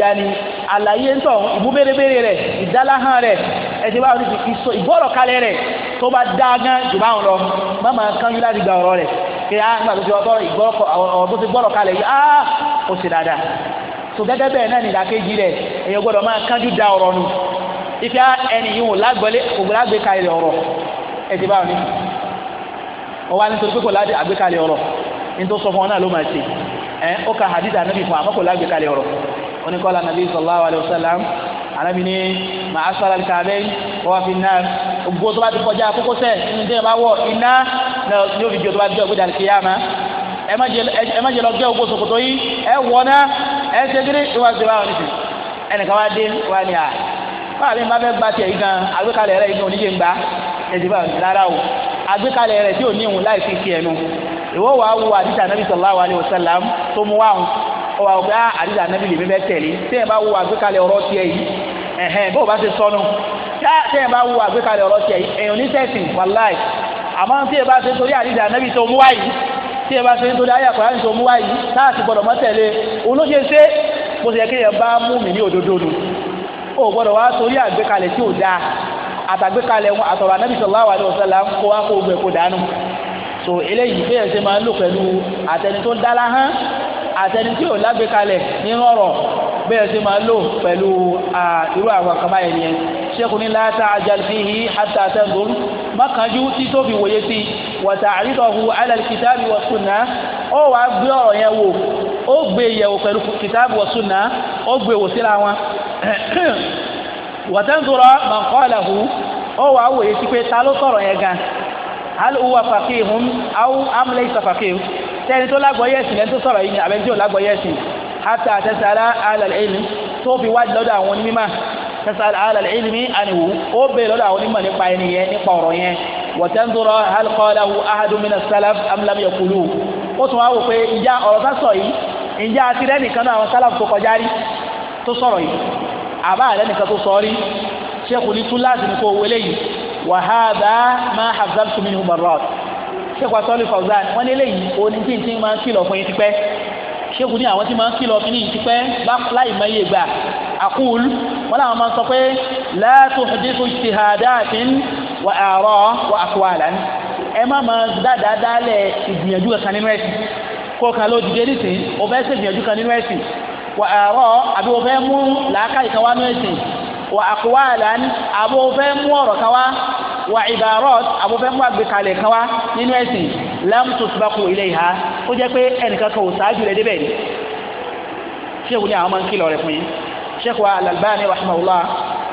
yanni àlàyé ń tọ̀ ìbúbérébéré rẹ̀ ìdáláhàn rẹ̀ ẹ̀sìn bá wọn ti sọ ìgbọ́rọ̀kalẹ̀ rẹ̀ tó bá dá gán jù bá lọ má máa kánjú láti gba ọ̀rọ̀ rẹ̀ kí á nígbà tó ti ọ̀rọ̀ tó ti yìí ó ṣe dáadáa tó gẹ́gẹ́ bẹ́ẹ̀ náà nìdákejì rẹ̀ èèyàn gbọ́dọ̀ máa kánjú da ọ̀rọ̀ ife ẹni yìí wò lágbọ́lé ògbólá gbé ọ̀rọ̀ ẹ báwọn ní ọ wá nítorí pé kò láti ọ̀rọ̀ ní tó sọ fún náà ló ka hadiza anabi fún àmọ́ kò lágbékalẹ̀ ọ̀rọ̀ oníkọ́lá anabi sallallahu alayhi ẹ má jẹ lọ gé ogbó ṣòkòtò yìí ẹ wọ náà ẹ ṣe kiri ìwà ṣe báwọn nìsín ẹnìkan wá dé wá ní à báwa mi má fẹ́ gba tiẹ̀ yìí gan àgbékalẹ̀ rẹ̀ yìí ní oníjẹ́ ń gbà ẹ ṣe báwọn rárá o àgbékalẹ̀ rẹ̀ tí ò ní ìhun láì fi ti ẹnu ìwọ wàá wo àdìsí ànábì sallallahu alaihi wasallam tó mú wá hùn ọwọ́ àwọn bá àdìsí ànábì lè fẹ́ tẹ̀lé tẹ́yìn bá wo àgbékalẹ̀ ọ̀rọ̀ tiẹ̀ yìí ẹ̀hẹ́n bó o bá ṣe sọnù tẹ́yìn bá wo àgbékalẹ̀ ọ̀rọ̀ tiẹ̀ yìí èèyàn ní sẹ́sìn wàláì àmọ́ tí ẹ bá ṣe torí àdìsí ànábì tó mú wá yìí tí ẹ bá ṣe nítorí ayé àkọ́yá nítorí mú wáyé láti gbọ́dọ̀ mọ́ tẹ̀lé òun ló ṣe ṣe bó ṣe yẹ kí èèyàn bá mú mi ní òdodo nù ó gbọ́dọ̀ wá torí àgbékalẹ̀ tí ò dáa àtàgbékalẹ̀ wọn àtọ̀rọ̀ anábì sallallahu alaihi wasallam kó wá kó gbẹ kó dànù so eléyìí bẹ́ẹ̀ ṣe máa ń lò pẹ̀lú àtẹni tó ń dálá hán àtẹni tí ò lágbékalẹ̀ ní mọ́kànjú tí tó fi wòye sí wọ̀tà àrídọ̀hu alàlìkìtàbí wa sunna ó wà gbé ọ̀rọ̀ yẹn wò ó gbé yẹ̀wò pẹ̀lú kìtàbí wa sunna ó gbé wò síra wọn wọ̀tẹ́ńdúrọ̀ mọ̀kọ́lẹ̀hu ó wà wòye sí pé ta ló sọ̀rọ̀ yẹn gan hal huwa faqihun aw am laysa faqih tẹ́ni tó lágbọ́yé ẹ̀sìn lẹ́ni tó sọ̀rọ̀ yìí ni àbẹ́ni tí ò lágbọ́yé ẹ̀sìn hatta tasala alal ilm tó fi wá lọ́dọ̀ àwọn onímọ̀ tasal ala ilmi anhu ó bèèrè lọ́dọ̀ àwọn onímọ̀ nípa ẹni yẹn nípa ọ̀rọ̀ yẹn wọ̀tẹ́ndúrọ̀ hal qalahu ahadun min as-salaf am lam yaqulu ó tún wá wò pé ìjà ọ̀rọ̀ tá sọ yìí ìjà àti rẹ́nìkan náà àwọn sálàf tó kọjá rí tó sọ̀rọ̀ yìí àbá rẹ́nìkan tó sọ rí ṣéèkù ní tún láti ní kó owó wa hadha ma hazzabtu minhu marrat ṣéèkù àtọ́lù Fawzan wọ́n ní eléyìí oní tí ń tí ń máa ń ti pẹ́ ṣéèkù ní àwọn tí máa ń kìlọ̀ kí ní ìtìpẹ́ láì mẹ́yẹ gbà àkúl wọn làwọn máa ń sọ pé la tuhdithu ijtihadatin wa àárọ̀ wa aqwalan ẹ má máa dáadáa dálẹ̀ ìgbìyànjú kan nínú ẹ̀sìn kọ̀ọ̀kan ló dìde nísìn o fẹ́ ṣe ìgbìyànjú kan nínú ẹ̀sìn wa àárọ̀ àbí o fẹ́ mú làákàyè kan wá nínú ẹ̀sìn wa aqwalan àbí o fẹ́ mú ọ̀rọ̀ kan wá wa ibarat àbí o fẹ́ mú àgbékalẹ̀ kan wá nínú ẹ̀sìn lam tusbaqu ilayha kó jẹ́ pé ẹnìkan kan ò sáájú rẹ̀ débẹ̀ ni ṣéèkù ní àwọn máa ń kìlọ̀ rẹ̀ fún yín ṣéèkù wa al-Albani rahimahullah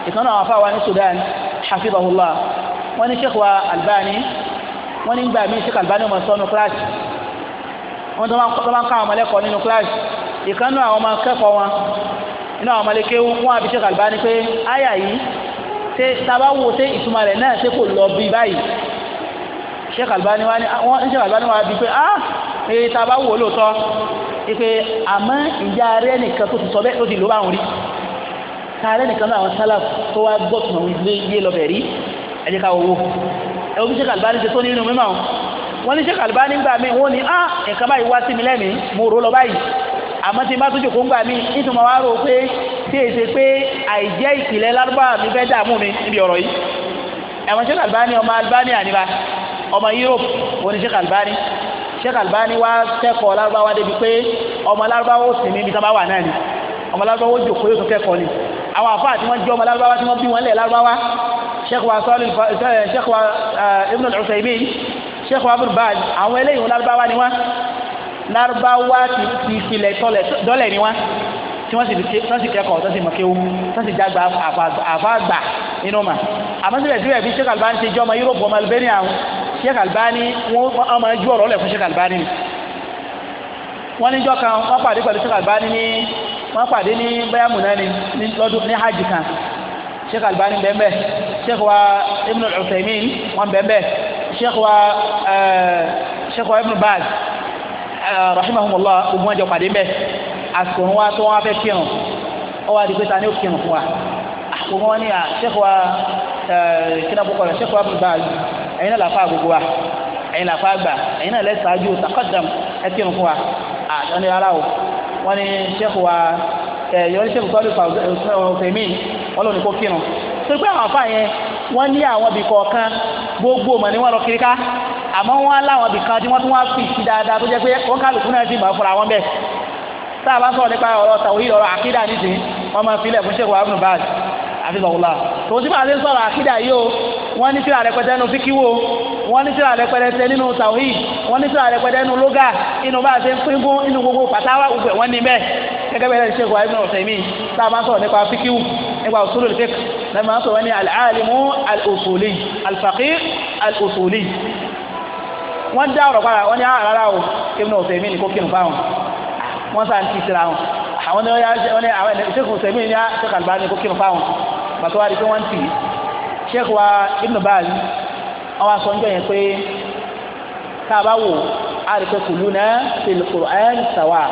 ìkan náà àwọn afáwa ní Sudan hafizahullah wọ́n ní ṣéèkù wa al-Albani wọ́n ní gbà mí ṣéèkù al-Albani ọmọ sọ́nu kíláàsì wọ́n tó máa ń ká àwọn ọmọlẹ́kọ̀ọ́ nínú kíláàsì èyí tá a bá wò lóòótọ́ ipe àmọ́ ìyá rẹ nìkan tó ti sọ bẹ́ẹ̀ tó ti lò bá wọn rí ká rẹ nìkan náà àwọn sálà tó wá gbọ́ tó àwọn ilé yé lọ́bẹ̀ rí ẹ jẹ́ ká owó ẹ omi ṣe kàlùbá ní ṣe tó ní inú mímọ́ wọ́n ní ṣe kàlùbá nígbà míì wọ́n ní á nǹkan báyìí wá sí mi lẹ́mìí mo rò lọ báyìí àmọ́ tí n bá tún jòkó ń gbà mí nítorí mo wá rò pé tí èyí ṣe pé àìjẹ́ ìpìlẹ̀ lárúbáwá mi fẹ́ dààmú mi níbi ọ̀rọ̀ yìí ẹ̀wọ̀n Europe wọ́n ní ṣe kàlùbá Sheikh Albani wa kẹ́kọ̀ọ́ lárúbáwá débi pé ọmọ lárúbáwá ó sì ní ibi tí wọ́n bá wà náà ni ọmọ lárúbáwá ó jòkó yóò tún kẹ́kọ̀ọ́ ni àwọn àfáà tí wọ́n jẹ́ ọmọ lárúbáwá tí wọ́n bí wọn lẹ̀ lárúbáwá Sheikh wa sọ́ọ́lì eh, Sheikh wa Ibn eh, al-Uthaymeen Sheikh wa eh, Ibn Baz àwọn eléyìí lárúbáwá ni wọ́n lárúbáwá ti filẹ̀ dọ́lẹ̀ ni wọ́n tí wọ́n sì kẹ́kọ̀ọ́ tó sì mọ̀ kéwú tó sì jágba àfàgbà nínú mà àmọ́ síbẹ̀ síbẹ̀ bí Sheikh Albani ti jẹ́ ọmọ Yúróòpù ọmọ Albania Sheikh Albani wọ́n ọmọ ju ọ̀rọ̀ lẹ̀ fún Sheikh Albani ni wọ́n níjọ́ kan wọ́n pàdé pẹ̀lú Sheikh Albani ní wọ́n pàdé ní bẹ́ẹ̀mù náà ni lọ́dún ní hajj kan Sheikh Albani bẹ́ẹ̀mbẹ́ Sheikh wa Ibn Uthaymin wọn bẹ́ẹ̀mbẹ́ Sheikh wa Sheikh wa Ibn Baz rahimahumullah gbogbo wọn jọ pàdé mbẹ́ àsìkò wọn tó wọn fẹ́ kírun ọ wá di pé ta ni ó kírun fún wa àkókò wọn ni Sheikh wa kí náà kókò rẹ̀ Sheikh wa Ibn Baz ẹ̀yin náà làfà gbogbo wa ẹ̀yin làfà gbà ẹ̀yin náà lẹ́sàájú takọ́dàm ẹ̀kírun fún wa àtọ́ni ara o wọ́n ní sẹ́kù wa ẹ̀yọ́ sẹ́kù tọ́lù fèmí wọ́n lò ní kó kírun tó pé àwọn afá yẹn wọ́n ní àwọn ibì kọ̀ọ̀kan gbogbo mọ̀ ní wọ́n lọ kiri ká àmọ́ wọ́n láwọn ibì kan tí wọ́n tún wá fi sí dáadáa tó jẹ́ pé wọ́n kálukú náà ti mọ̀ fúnra wọn bẹ́ẹ̀ tá bá sọ̀rọ̀ nípa ọ̀rọ̀ tàwí ọ̀rọ̀ àkídà nídìí wọ́n máa fi ilẹ̀ fún sẹ́kù wa àfihàn tòun tí màá lè sọ̀rọ̀ àkídà yìí o wọ́n ní tíra rẹpẹtẹ nínú fíkíwò wọ́n ní tíra rẹpẹtẹ nínú tawhid wọ́n ní tíra rẹpẹtẹ nínú lóga inú bá a ṣe ń pínpín inú gbogbo pàtàwà gbogbo wọ́n ní bẹ́ẹ̀ gẹ́gẹ́ bẹ́ẹ̀ ṣe kò àìsàn ọ̀sẹ̀ mi tá a máa sọ̀rọ̀ nípa fíkíwò nípa òṣèlú fíkì lẹ́yìn máa sọ̀rọ̀ ní al-alimu al-usuli al-faqih al-usuli wọ́n dá ọ̀rọ̀ padà wọ́n ní àrárá ah, o ibùdó ọ̀sẹ̀ mi ní kó kírun fáwọn wọ́n sá ń tì síra wọn àwọn ní wọ́n ní àwọn ìṣèkùn ọ̀sẹ̀ mi ní àṣekàlùbá ní kó kírun fáwọn pàtó wa di pé wọ́n ń tì í sheikh wa ibn Baz àwọn asọ́njọ́ yẹn pé tá a bá wò á rí pé kùlú náà fil Qur'an sawa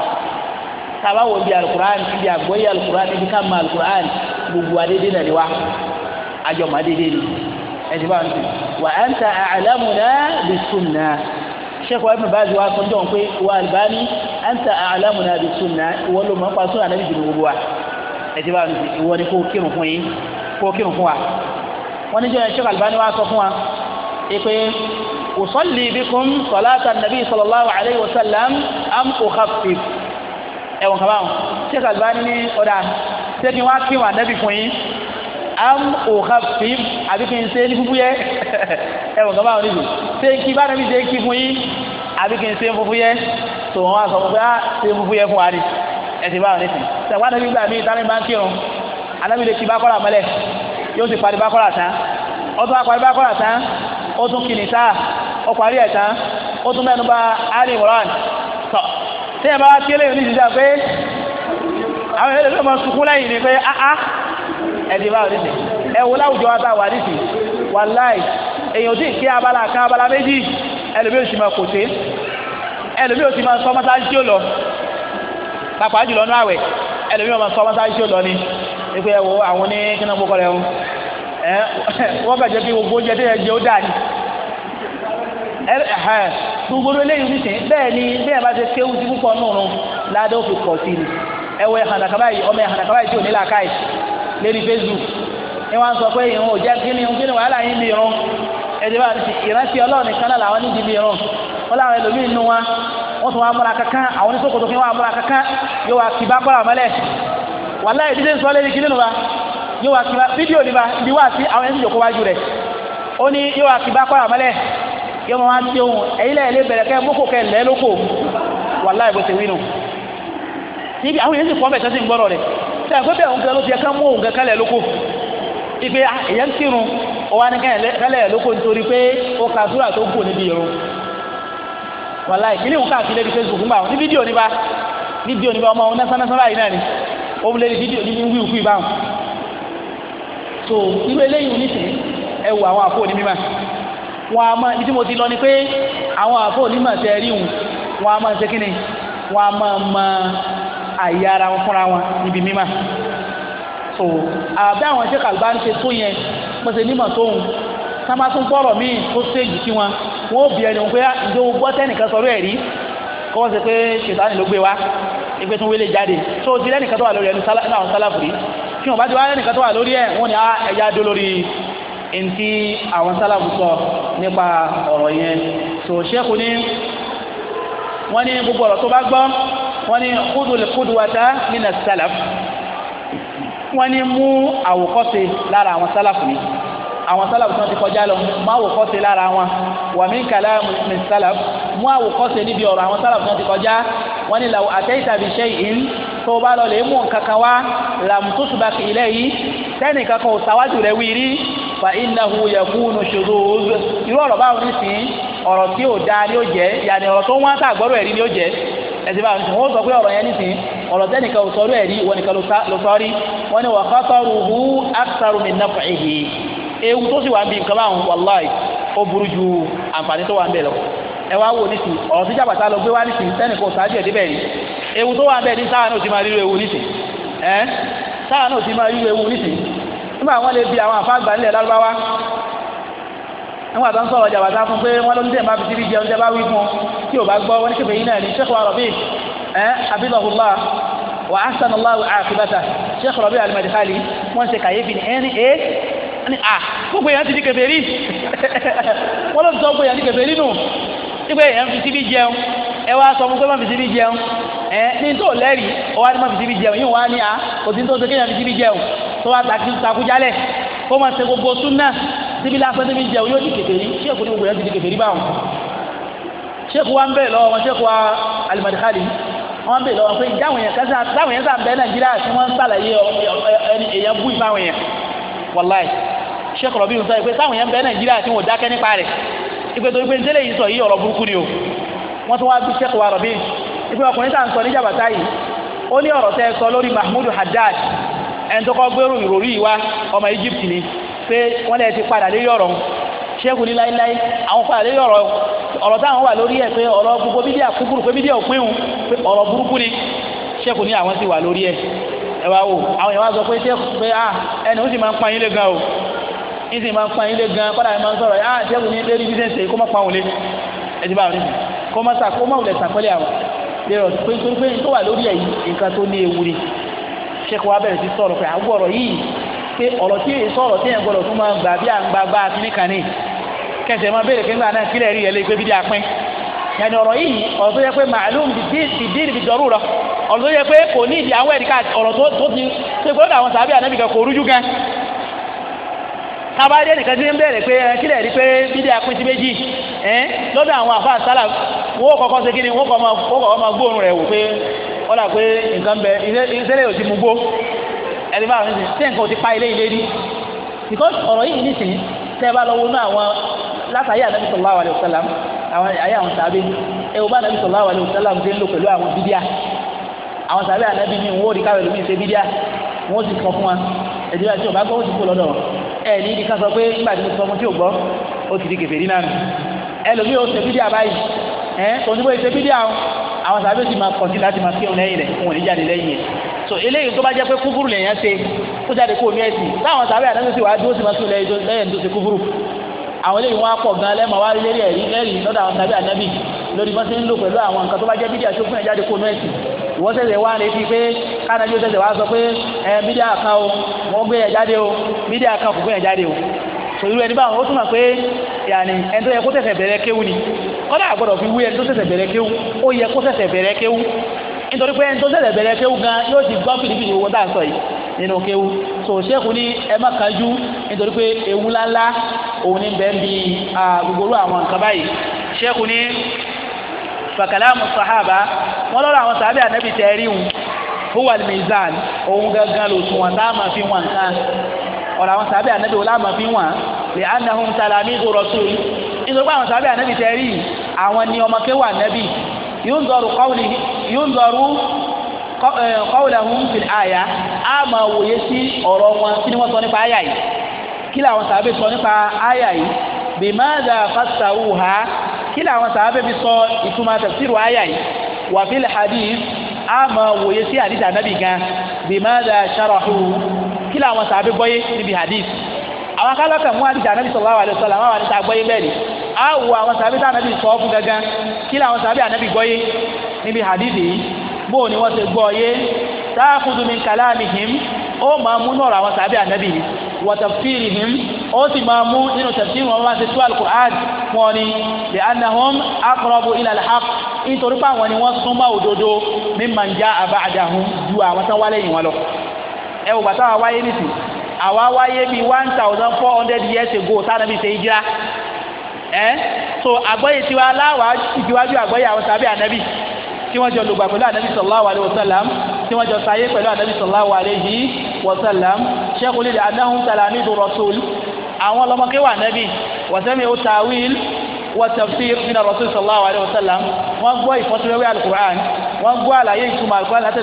tá a bá wò bí alukur'an bí agbóyè alukur'an bí ká ma alukur'an gbogbo adédé náà ni wa àjọ adédé ni ẹ̀dí bá ń tì wa anta a'lamuna bis sunnah sheikh wa ibn Baz wa asọ́njọ́ pé wa Albani anta a'lamuna bis sunnah ìwọ ló mọ̀ pa sunna náà gbogbo wa ẹ̀dí bá ń tì ìwọ ni kò kírun fún yín kó kírun fún wa wọ́n níjọ́ yẹn Sheikh Albani wa sọ fún wa pé usalli bikum salata nabi sallallahu alayhi wa sallam am ukhaffif ẹ̀wọ̀n kaba wọn Sheikh Albani ní ọ̀dà ṣé kí wọ́n á kí wọn ànábì fún yín am ukhaffif àbí kí n ṣe ní fúfúyẹ́ ẹ̀wọ̀n kaba wọn níbi ṣé kí bá nàbí ṣe kí fún yín àbí kí n ṣe fúfúyẹ́ wọn sọ fún pé á ah, ṣe fúfúyẹ́ fún wa ni ẹ̀ ti bá wọn níbi ṣe wọn ànábì gbà mí ìtàn anábì lè ti bákọ́rà mọ́lẹ̀ yóò sì parí bákọ́rà tán ó tún parí bákọ́rà tán ó tún kìnnì sá ó parí ẹ̀ tán ó tún mẹ́nu bà Ali Imran tọ̀ tí ẹ̀ bá wá kí eléyìí oníṣìṣẹ́ pé àwọn eléyìí ló mọ sunkún lẹ́yìn ni pé áá ah, ah, ẹ̀dì bá oníṣìí ẹ wo láwùjọ wa bá wà níṣìí wàláì èèyàn tí kí abala kan abala méjì ẹlòmíì òsì máa kò sí ẹlòmíì òsì máa sọ mọ́sáájú tí ó lọ pàpà jùlọ nú àwẹ̀ ẹlòmíì máa sọ mọ́sáájú tí ó lọ ni pé ẹ wo àwọn ní kíná gbókọ rẹ o ẹ wọ́n kàn jẹ́ kí gbogbo oúnjẹ tó yẹ jẹ ó dà ní. gbogbo eléyìí nìsín bẹ́ẹ̀ ni bẹ́ẹ̀ bá ti kéwù sí púpọ̀ nùnú ládé ó fi pọ̀ sí ni ẹ wọ ẹ̀hàn àkàbáyé ọmọ ẹ̀hàn àkàbáyé tí ò ní làákàyè lérí Facebook ni wọ́n sọ pé ìrún ò jẹ́ kíni kíni wàhálà yín bí irun ẹ̀dẹ̀ bá ti ìrántí Ọlọ́run nìkan náà làwọn nídìí bí irun wọ́n láwọn ẹlòmíì nù wọn wọ́n tún wá múra kankan àwọn oníṣòkòtò kí wọ́n múra kankan yóò wá kí wàhálà yìí dídé sọ lẹ́ni kìnìún wa yóò wá kíba fídíò ní ba ibi wá sí àwọn ẹni tó jókòó wájú rẹ̀ ó ní yóò wá kíba kọ́ àmọ́lẹ̀ yóò máa wá sí ohun ẹ̀yìn lẹ́yìn lé bẹ̀rẹ̀ kẹ́ mọ́kò kẹ́ lẹ́ lóko wàhálà yìí wínú níbi àwọn èyí sì pọ́n bẹ̀ gbọ́rọ̀ rẹ̀ tí a gbọ́dọ̀ òun kan ló ti yẹ ká mú òun kan kálẹ̀ lóko ipe ah, èyẹ ń kírun ọwọ́ ni kálẹ̀ lóko nítorí pé ó ka súrà tó gùn níbi irun wàhálà ìkíní òun káàkiri lẹ́bi Facebook ń bá wọn ní fídíò ní ba ní fídíò ní ba ọmọ òun násánásán báyìí náà ni ó lé fídíò ní wíwú kú ìbáwọn so irú eléyìí oníṣẹ́ ẹ wo àwọn àfọ onímọ̀ wọn a máa ibi mo ti lọ ni pé àwọn àfọ onímọ̀ tẹ rí wọn wọn a máa ṣe kíni wọn a máa mọ àyè ara wọn fúnra wọn níbi mímọ̀ so àbẹ àwọn iṣẹ́ kàlùbá ń ṣe tó yẹn mo ṣe nímọ̀ tóun sábà tún gbọ́rọ̀ míì tó séjì sí wọn wọn ò bí ẹni wọn pé ìjọ gbọ́ tẹ́nìkan sọ̀rọ̀ ẹ̀rí kọ́ wọ́n ṣe pé ṣètò àná ló gbé wa ìgbé tún wélé jáde tó ti lẹ́nìkan tó wà lórí ẹnu àwọn sálàfù rí wọ́n bá ti wá lẹ́nìkan tó wà lórí ẹ̀ wọ́n ni á ẹja dó lórí ntí àwọn sálàfù sọ nípa ọ̀rọ̀ yẹn tó ṣẹ́kù ní wọ́n ní gbogbo ọ̀rọ̀ tó bá gbọ́ wọ́n ní khudul qudwata minas sálàfù wọ́n ní àwọn sálàbù tí wọ́n ti kọjá lọ mú àwòkọ́ṣe lára wọn wà mí kàlá mi sálàbù mú àwòkọ́ṣe níbi ọ̀rọ̀ àwọn sálàbù tí wọ́n ti kọjá wọ́n ní làwọn àtẹ́yìntà bí ṣe yìí tó bá lọ lè mú nǹkan wá làmùtútù bá kì í lẹ́yìn tẹ́nì kankan ò sáwájú rẹ̀ wí rí fa innahu yakunu shudud irú ọ̀rọ̀ báwo ní sìn ọ̀rọ̀ tí ò dáa ni ó jẹ́ yàní ọ̀rọ̀ tó wọ́n sàgbọ́rọ̀ ẹ̀rí ni ó jẹ́ ẹ̀sìn báwo ní sọ pé ọ̀rọ̀ yẹn ní sìn ọ̀rọ̀ tẹ́nìkan ò sọ̀rọ̀ ẹ̀rí wọn nìkan ló sọ rí wọ́n ní wa khataruhu aktharu min naf'ihi ewu tó sì wà ń bi nǹkan báwọn wàláì ó burú ju àǹfààní tó wà ń bẹ̀ lọ ẹ wá wò nísì ọ̀rọ̀ tí jàbàtà lọ gbé wá nísì sẹ́nìkan ò sáájú ẹ̀ débẹ̀ rí ewu tó wà ń bẹ̀ ní sáà náà ti máa ríro ewu nísì ẹ́ sáà náà ti máa ríro ewu nísì nígbà wọn lè bi àwọn àfáàgbà nílẹ̀ lárúbáwá nígbà tó ń sọ̀rọ̀ jàbàtà fún pé wọ́n ló ń dẹ̀ máa fi síbi jẹun tẹ́ wọ́n ṣe kàyéfì ní ẹni ẹ́ ní à gbogbo èèyàn ti di kèfèrí wọ́n ló sọ gbogbo èèyàn di kèfèrí nù nígbà èèyàn fi síbi jẹun ẹ wá sọ fún pé má fi síbi jẹun ẹ ní tó lẹ́rìí ọ wá ní má fi síbi jẹun yìí wá ní à kò sí ní tó ṣe kéèyàn fi síbi jẹun tó wá takujálẹ̀ kó má ṣe gbogbo súnà síbi lásán níbi jẹun yóò di kèfèrí ṣéèkù ní gbogbo èèyàn ti di kèfèrí báwọn ṣéèkù wa ń bẹ̀ lọ́wọ́ wọn ṣéèkù wa alimadikali wọn bẹ lọ́wọ́ pé dáwọn yẹn kẹsàn dáwọn yẹn sàn bẹ nàìjíríà tí wọn ń sàlàyé èèyàn bú ìfáwọn yẹn wàláì Sheikh Rabiu sọ pé táwọn yẹn bẹ Nàìjíríà tí wọn dákẹ́ nípa rẹ̀ ìpè tó ń pè ń tẹ́lẹ̀ yìí sọ yìí ọ̀rọ̀ burúkú ni o wọ́n tún wá bí Sheikh wa Rabiu ìpè ọkùnrin tá à ń sọ níjàmbá táyì ó ní ọ̀rọ̀ tẹ́ sọ lórí Mahmudu Haddad ẹni tó kọ́ gbèrú ìròrí wa ọmọ Egypt ni pé wọ́n lè ti padà lórí ọ̀rọ̀ Sheikh ní láíláí àwọn padà lórí ọ̀rọ̀ ọ̀rọ̀ táwọn wà lórí ẹ̀ pé ọ̀rọ̀ gbogbo bídíà kúkúrú pé bídíà òpin òun pé ọ̀rọ̀ burúkú ni Sheikh ní àwọn sì wà lórí ẹ̀ ẹ wá wò àwọn yẹn wá sọ pé Sheikh pé ah ẹni ó sì máa ń pa yín lé gan o nísìnyí máa ń pa ilé gan kọ́dà máa ń sọ̀rọ̀ yá àti ẹ̀wù ní lérí bísẹ̀nsì kó má pa òun lé ẹ̀dí bá òun kó má sàkó má wulẹ̀ sàpẹ́lẹ̀ àwọn lérò pé nítorí pé tó wà lórí ẹ̀yìn nǹkan tó ní ewu ni ṣẹ́kù wa bẹ̀rẹ̀ sí sọ̀rọ̀ pé àwọn ọ̀rọ̀ yìí pé ọ̀rọ̀ tí èyí sọ̀rọ̀ tí yẹn gbọ́dọ̀ tún máa gbà bí àgbàgbà kíníkànnì kẹsẹ̀ máa béèrè pé nígbà náà kílẹ̀ rí ẹ lé gbé bídí apín yẹn ọ̀rọ̀ yìí ọ̀rọ̀ tó yẹ pé màálùm bìdíìrì bìdọ́rù rọ ọ̀rọ̀ tó yẹ pé kò ní ìdí àwọn ẹ̀ríkà ọ̀rọ̀ tó ti ṣe gbọ́dọ̀ àwọn sàbí ànábìkan kò rújú gan abáyé nìkan ti ń bẹ̀rẹ̀ pé ẹ kílẹ̀ rí pé bídíà pín sí méjì ẹ lọ́dọ̀ àwọn àfa àsálà wọ́n kọ́kọ́ ṣe kí ni wọ́n kọ́kọ́ máa gbóòórùn rẹ̀ wò pé ọ̀là pé nǹkan bẹ ìṣẹ̀lẹ̀ ti mú gbó ẹni bá nǹkan ti pa ilé ilé rí because ọ̀rọ̀ yìí ní sìn tẹ́ ẹ bá lọ wọnú àwọn látàyè ànábì àwọn àyè àwọn ẹ ẹ ní ìdí ká sọ pé nígbà tí mo sọ ọmọ tí ò gbọ́ ó ti di kèfèrí náà nù ẹlòmíì ó ṣe fídíà báyìí ẹ onígbò ṣe fídíà o àwọn sàbẹ̀ ti máa kọ̀ọ̀tì láti máa kéwọn lẹ́yìn rẹ̀ wọn ò ní jáde lẹ́yìn yẹn so eléyìí tó bá jẹ́ pé kúfúrú lèèyàn ṣe kó jáde kó omi ẹ̀sìn táwọn sàbẹ̀ àdáńtò sì wá dúró sí máa kéwọn lẹ́yìn tó ṣe kúfúrú àwọn eléyìí wọn pọ̀ gan lẹ́mọ̀ wá lérí ẹ̀rí lẹ́rìí lọ́dọ̀ àwọn tàbí ànábì lórí bọ́sẹ̀ ń lò pẹ̀lú àwọn nǹkan tó bá jẹ́ bídíà tó fún ẹ̀ jáde kó mẹ́ẹ̀sì ìwọ́n ṣẹ̀ṣẹ̀ wá retí pé kánájú ṣẹ̀ṣẹ̀ wá sọ pé ẹ bídíà kan o wọ́n gbé ẹ̀ jáde o bídíà kan kò gbé ẹ̀ jáde o sòrú ẹni báwọn ó túnmọ̀ pé yàní ẹni tó yẹ kó ṣẹ̀ṣẹ̀ bẹ̀rẹ̀ kéwú ni kọ́dà àgbọ̀dọ̀ fi wí ẹni tó ṣẹ̀ṣẹ̀ bẹ̀rẹ̀ kéwú ó yẹ kó ṣẹ̀ṣẹ̀ bẹ̀rẹ̀ kéwú nítorí pé ẹni tó ṣẹ̀ṣẹ̀ bẹ̀rẹ̀ kéwú gan yóò ti gbọ́ fìdífìdí owó tá à ń sọ yìí nínú kéwú so sẹ́kù ní ẹ má kájú nítorí pé ewu ńláńlá òun ní bẹ́ẹ̀ bí gbogbo àwọn nǹkan báyìí sẹ́kù ní fakalamu sahaba wọn lọ́rọ̀ àwọn sàbẹ̀ ànábì tẹ́ rí wọn huwa al-mizan òun gangan ló sùn wọn táwọn máa fi wọn nǹkan ọ̀rọ̀ àwọn sàbẹ̀ ànábì wọn láwọn máa fi wọn lè anahun talamidu rasul nítorí pé àwọn sàbẹ̀ ànábì tẹ́ rí àwọn ni ọmọ kéwà ànábì yóò ń dọ̀rù qawlahum fil àyà á máa wòye sí ọ̀rọ̀ wọn kí ni wọ́n sọ nípa àyà yìí kí làwọn sàábẹ̀ sọ nípa àyà yìí bimadha fassawuha kí làwọn sàábẹ̀ fi sọ ìtumọ̀ tafsiru àyà yìí wa fil hadith á máa wòye sí hadith ànábì gan bimadha sharahu kí làwọn sàábẹ̀ gbọ́yé níbi hadith àwọn akálọ́kà mú àdìjà anábì sallallahu alaihi wasallam àwọn àdìjà gbọ́yé bẹ́ẹ̀ni á wo àwọn sàábẹ̀ tá anábì sọ fún gangan kí làwọn sàábẹ̀ anábì gbọ́yé níbi hadith yìí bóò ni wọ́n ṣe gbọ́ yé táàkùdù min kalamihim ó máa mú nọ̀rọ̀ àwọn sàbí ànábì wa tafsirihim ó sì máa mú nínú tafsir wọn wá sí tó alukur'an wọn ni bi annahum aqrabu ila alhaq nítorí pé àwọn ni wọ́n súnmọ́ òdodo mimman jaa ba'dahum ju àwọn tán wálé yìí wọn lọ ẹ wò bàtà wa wáyé nìsín àwa wáyé bíi one thousand four hundred years ago sanabi ṣe hijira ẹ so àgbọ́yé tiwa aláwàá ìdíwájú àgbọ́yé àwọn sàbí ànábì tí wọ́n jọ lùgbà pẹ̀lú ànábì sallallahu alayhi wa sallam tí wọ́n jọ sáyé pẹ̀lú ànábì sallallahu alayhi wa sallam ṣẹ́kù lílẹ̀ anáhùn talamidu rasul àwọn ọlọ́mọkéwà ànábì wàsẹ́mi ó tawil wàtafsir nínú rasul sallallahu alayhi wa wọ́n gbọ́ ìfọ́síwẹ́wẹ́ alukur'an wọ́n gbọ́ àlàyé ìtumọ̀ alukur'an láti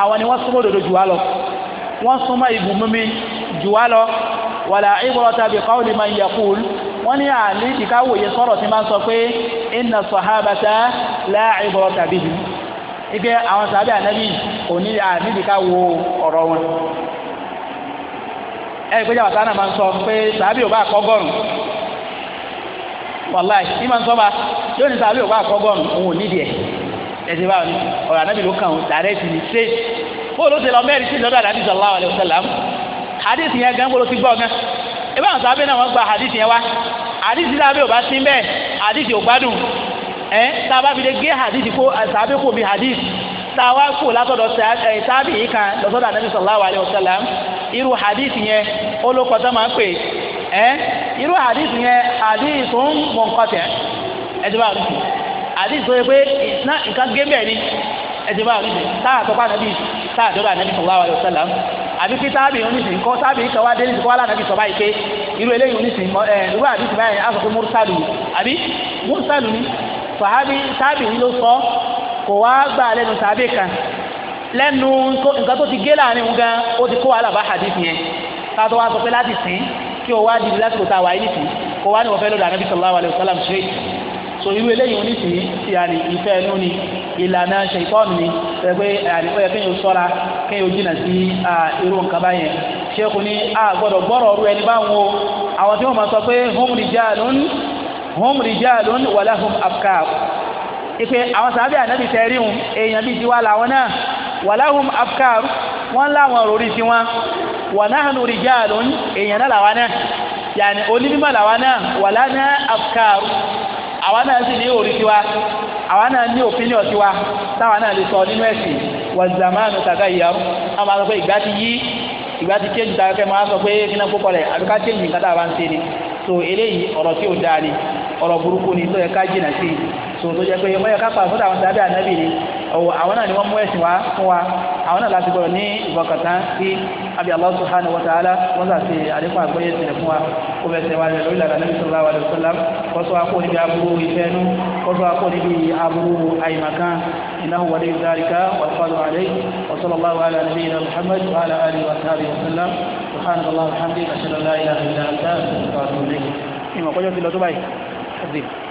àwọn ni wọ́n súnmọ́ òdodo jù wá lọ wọ́n súnmọ́ ibùmímí jù wá lọ wàlà ìbọ̀rọ̀ta bí káwọn lè máa yẹ kúl wọ́n ní àlè ìkáwòye sọ̀rọ̀ tí máa ń sọ pé iná sọ̀hábàtà láàìbọ̀rọ̀ta bí i ipe àwọn sàbẹ̀ ànábì kò ní àlè ìkáwò ọ̀rọ̀ wọn ẹ̀rí pé jàbàtà náà máa ń sọ pé sàbẹ̀ ò bá kọ́gọ́rùn wàláì ní máa yóò ní sàbẹ̀ ò bá kọ́gọ́rùn òun ò nídìí ẹ̀sìn báwọn ni ọ̀rọ̀ anábì ló kàn ó dàrẹ́tì ní ṣe bóòlù ti lọ mẹ́rin sí lọ́dọ̀ anábì sallallahu alaihi wasallam hadith yẹn gan bóòlù ti gbọ́ gan ebe àwọn sábẹ́ náà wọ́n gba hadith yẹn wá hadith náà bí o bá sí bẹ́ẹ̀ hadith ò gbádùn ẹ̀ tá a bá fi lè gé hadith kó sábẹ́ kó bi hadith tá a wá kó látọ̀dọ̀ sábì yìí kan lọ́sọ̀dọ̀ anábì sallallahu alaihi wasallam irú hadith yẹn ó ló kọ́ máa pè ẹ́ irú hadith yẹn hadith ń mọ̀ nǹkan tẹ̀ ẹ̀ ti bá àdìsí sọ pé náà nǹkan gé bẹ́ẹ̀ ni ẹ̀jẹ̀ bá rí i táà tó bá nàbí táà tó bá nàbí sallallahu alaihi wasallam àbí kí táàbì onísìn kọ́ táàbì kan wá dé nísìn kọ́ wá lánàbí sọ báyìí pé irú eléyìí onísìn ẹ̀ eh, irú àdìsí báyìí á sọ pé mursalu àbí mursalu ni sàhábì táàbì yìí ló sọ kò wá gbà lẹ́nu sàhábì kan lẹ́nu nǹkan tó ti gé láàrin òun gan ó ti kó wàhálà bá hadith yẹn káàtó wá sọ pé láti sìn kí o wá dìbò lásìkò tá a wà yìí nìsín kó wá ní wọ́n fẹ́ lọ́dọ̀ ànábì sallallahu alaihi wasallam ṣe so irú eléyìí wọn nísìnyí yàrá ìfẹ́ ẹnu ni ìlànà ṣètọ́ọ̀nù ni pẹ̀lú yàrá ìfẹ́ kéèyàn sọ́ra kéèyàn jìnnà sí irú nǹkan báyẹn ṣéèkù ni a gbọ́dọ̀ gbọ́rọ̀ ọ̀rú ẹni báwọn o àwọn tí wọ́n máa sọ pé hum rijalun hum rijalun wala hum afkar ipe àwọn sàbẹ̀ ànábì tẹ̀rí hùn èèyàn bíi tiwa làwọn náà wala hum afkar wọ́n láwọn òròrí tiwọn wa nahnu rijalun èèyàn náà làwọn náà yàní onímọ̀ làwọn náà wala náà àwa náà sì ní orí tiwa àwa náà ní opinion tiwa táwa náà lè sọ nínú ẹ̀sìn wàzàmánu tàkà ìyàwó àwọn máa sọ pé ìgbà ti yí ìgbà ti change tàkà kẹ́ máa sọ pé kí kó kọlẹ̀ àbíká change nǹkan tá a bá ń ṣe ni so eléyìí ọ̀rọ̀ tí ò dáa ni ọ̀rọ̀ burúkú ni tó yẹ ká jìnà sí i so tó jẹ́ pé wọ́n yẹ ká pa àfọ́dà àwọn sábẹ́ ànábì ni ọ̀wọ̀ àwọn náà ni wọ́n mú ẹ̀sìn wá fún wa àwọn náà láti gbọ́dọ̀ ní ìfọkàntán sí abi Allah subhanahu wa ta'ala wọ́n sà sí àdékùn àgbọ́yé sílẹ̀ fún wa kó bẹ̀ sẹ́wà rẹ̀ lórí lànà níbi sallallahu alaihi wasallam kó sọ akó níbi aburú ìfẹ́ nú kó sọ akó níbi aburú àyìmàkan innahu waliyyu dhalika wal qadiru alayhi wa sallallahu ala nabiyyina Muhammad wa ala alihi wa sahbihi wa sallam سبحانك اللهم وبحمدك اشهد ان لا اله الا انت استغفرك واتوب اليك ìmọ̀ kọjọ́ ti lọ tó báyìí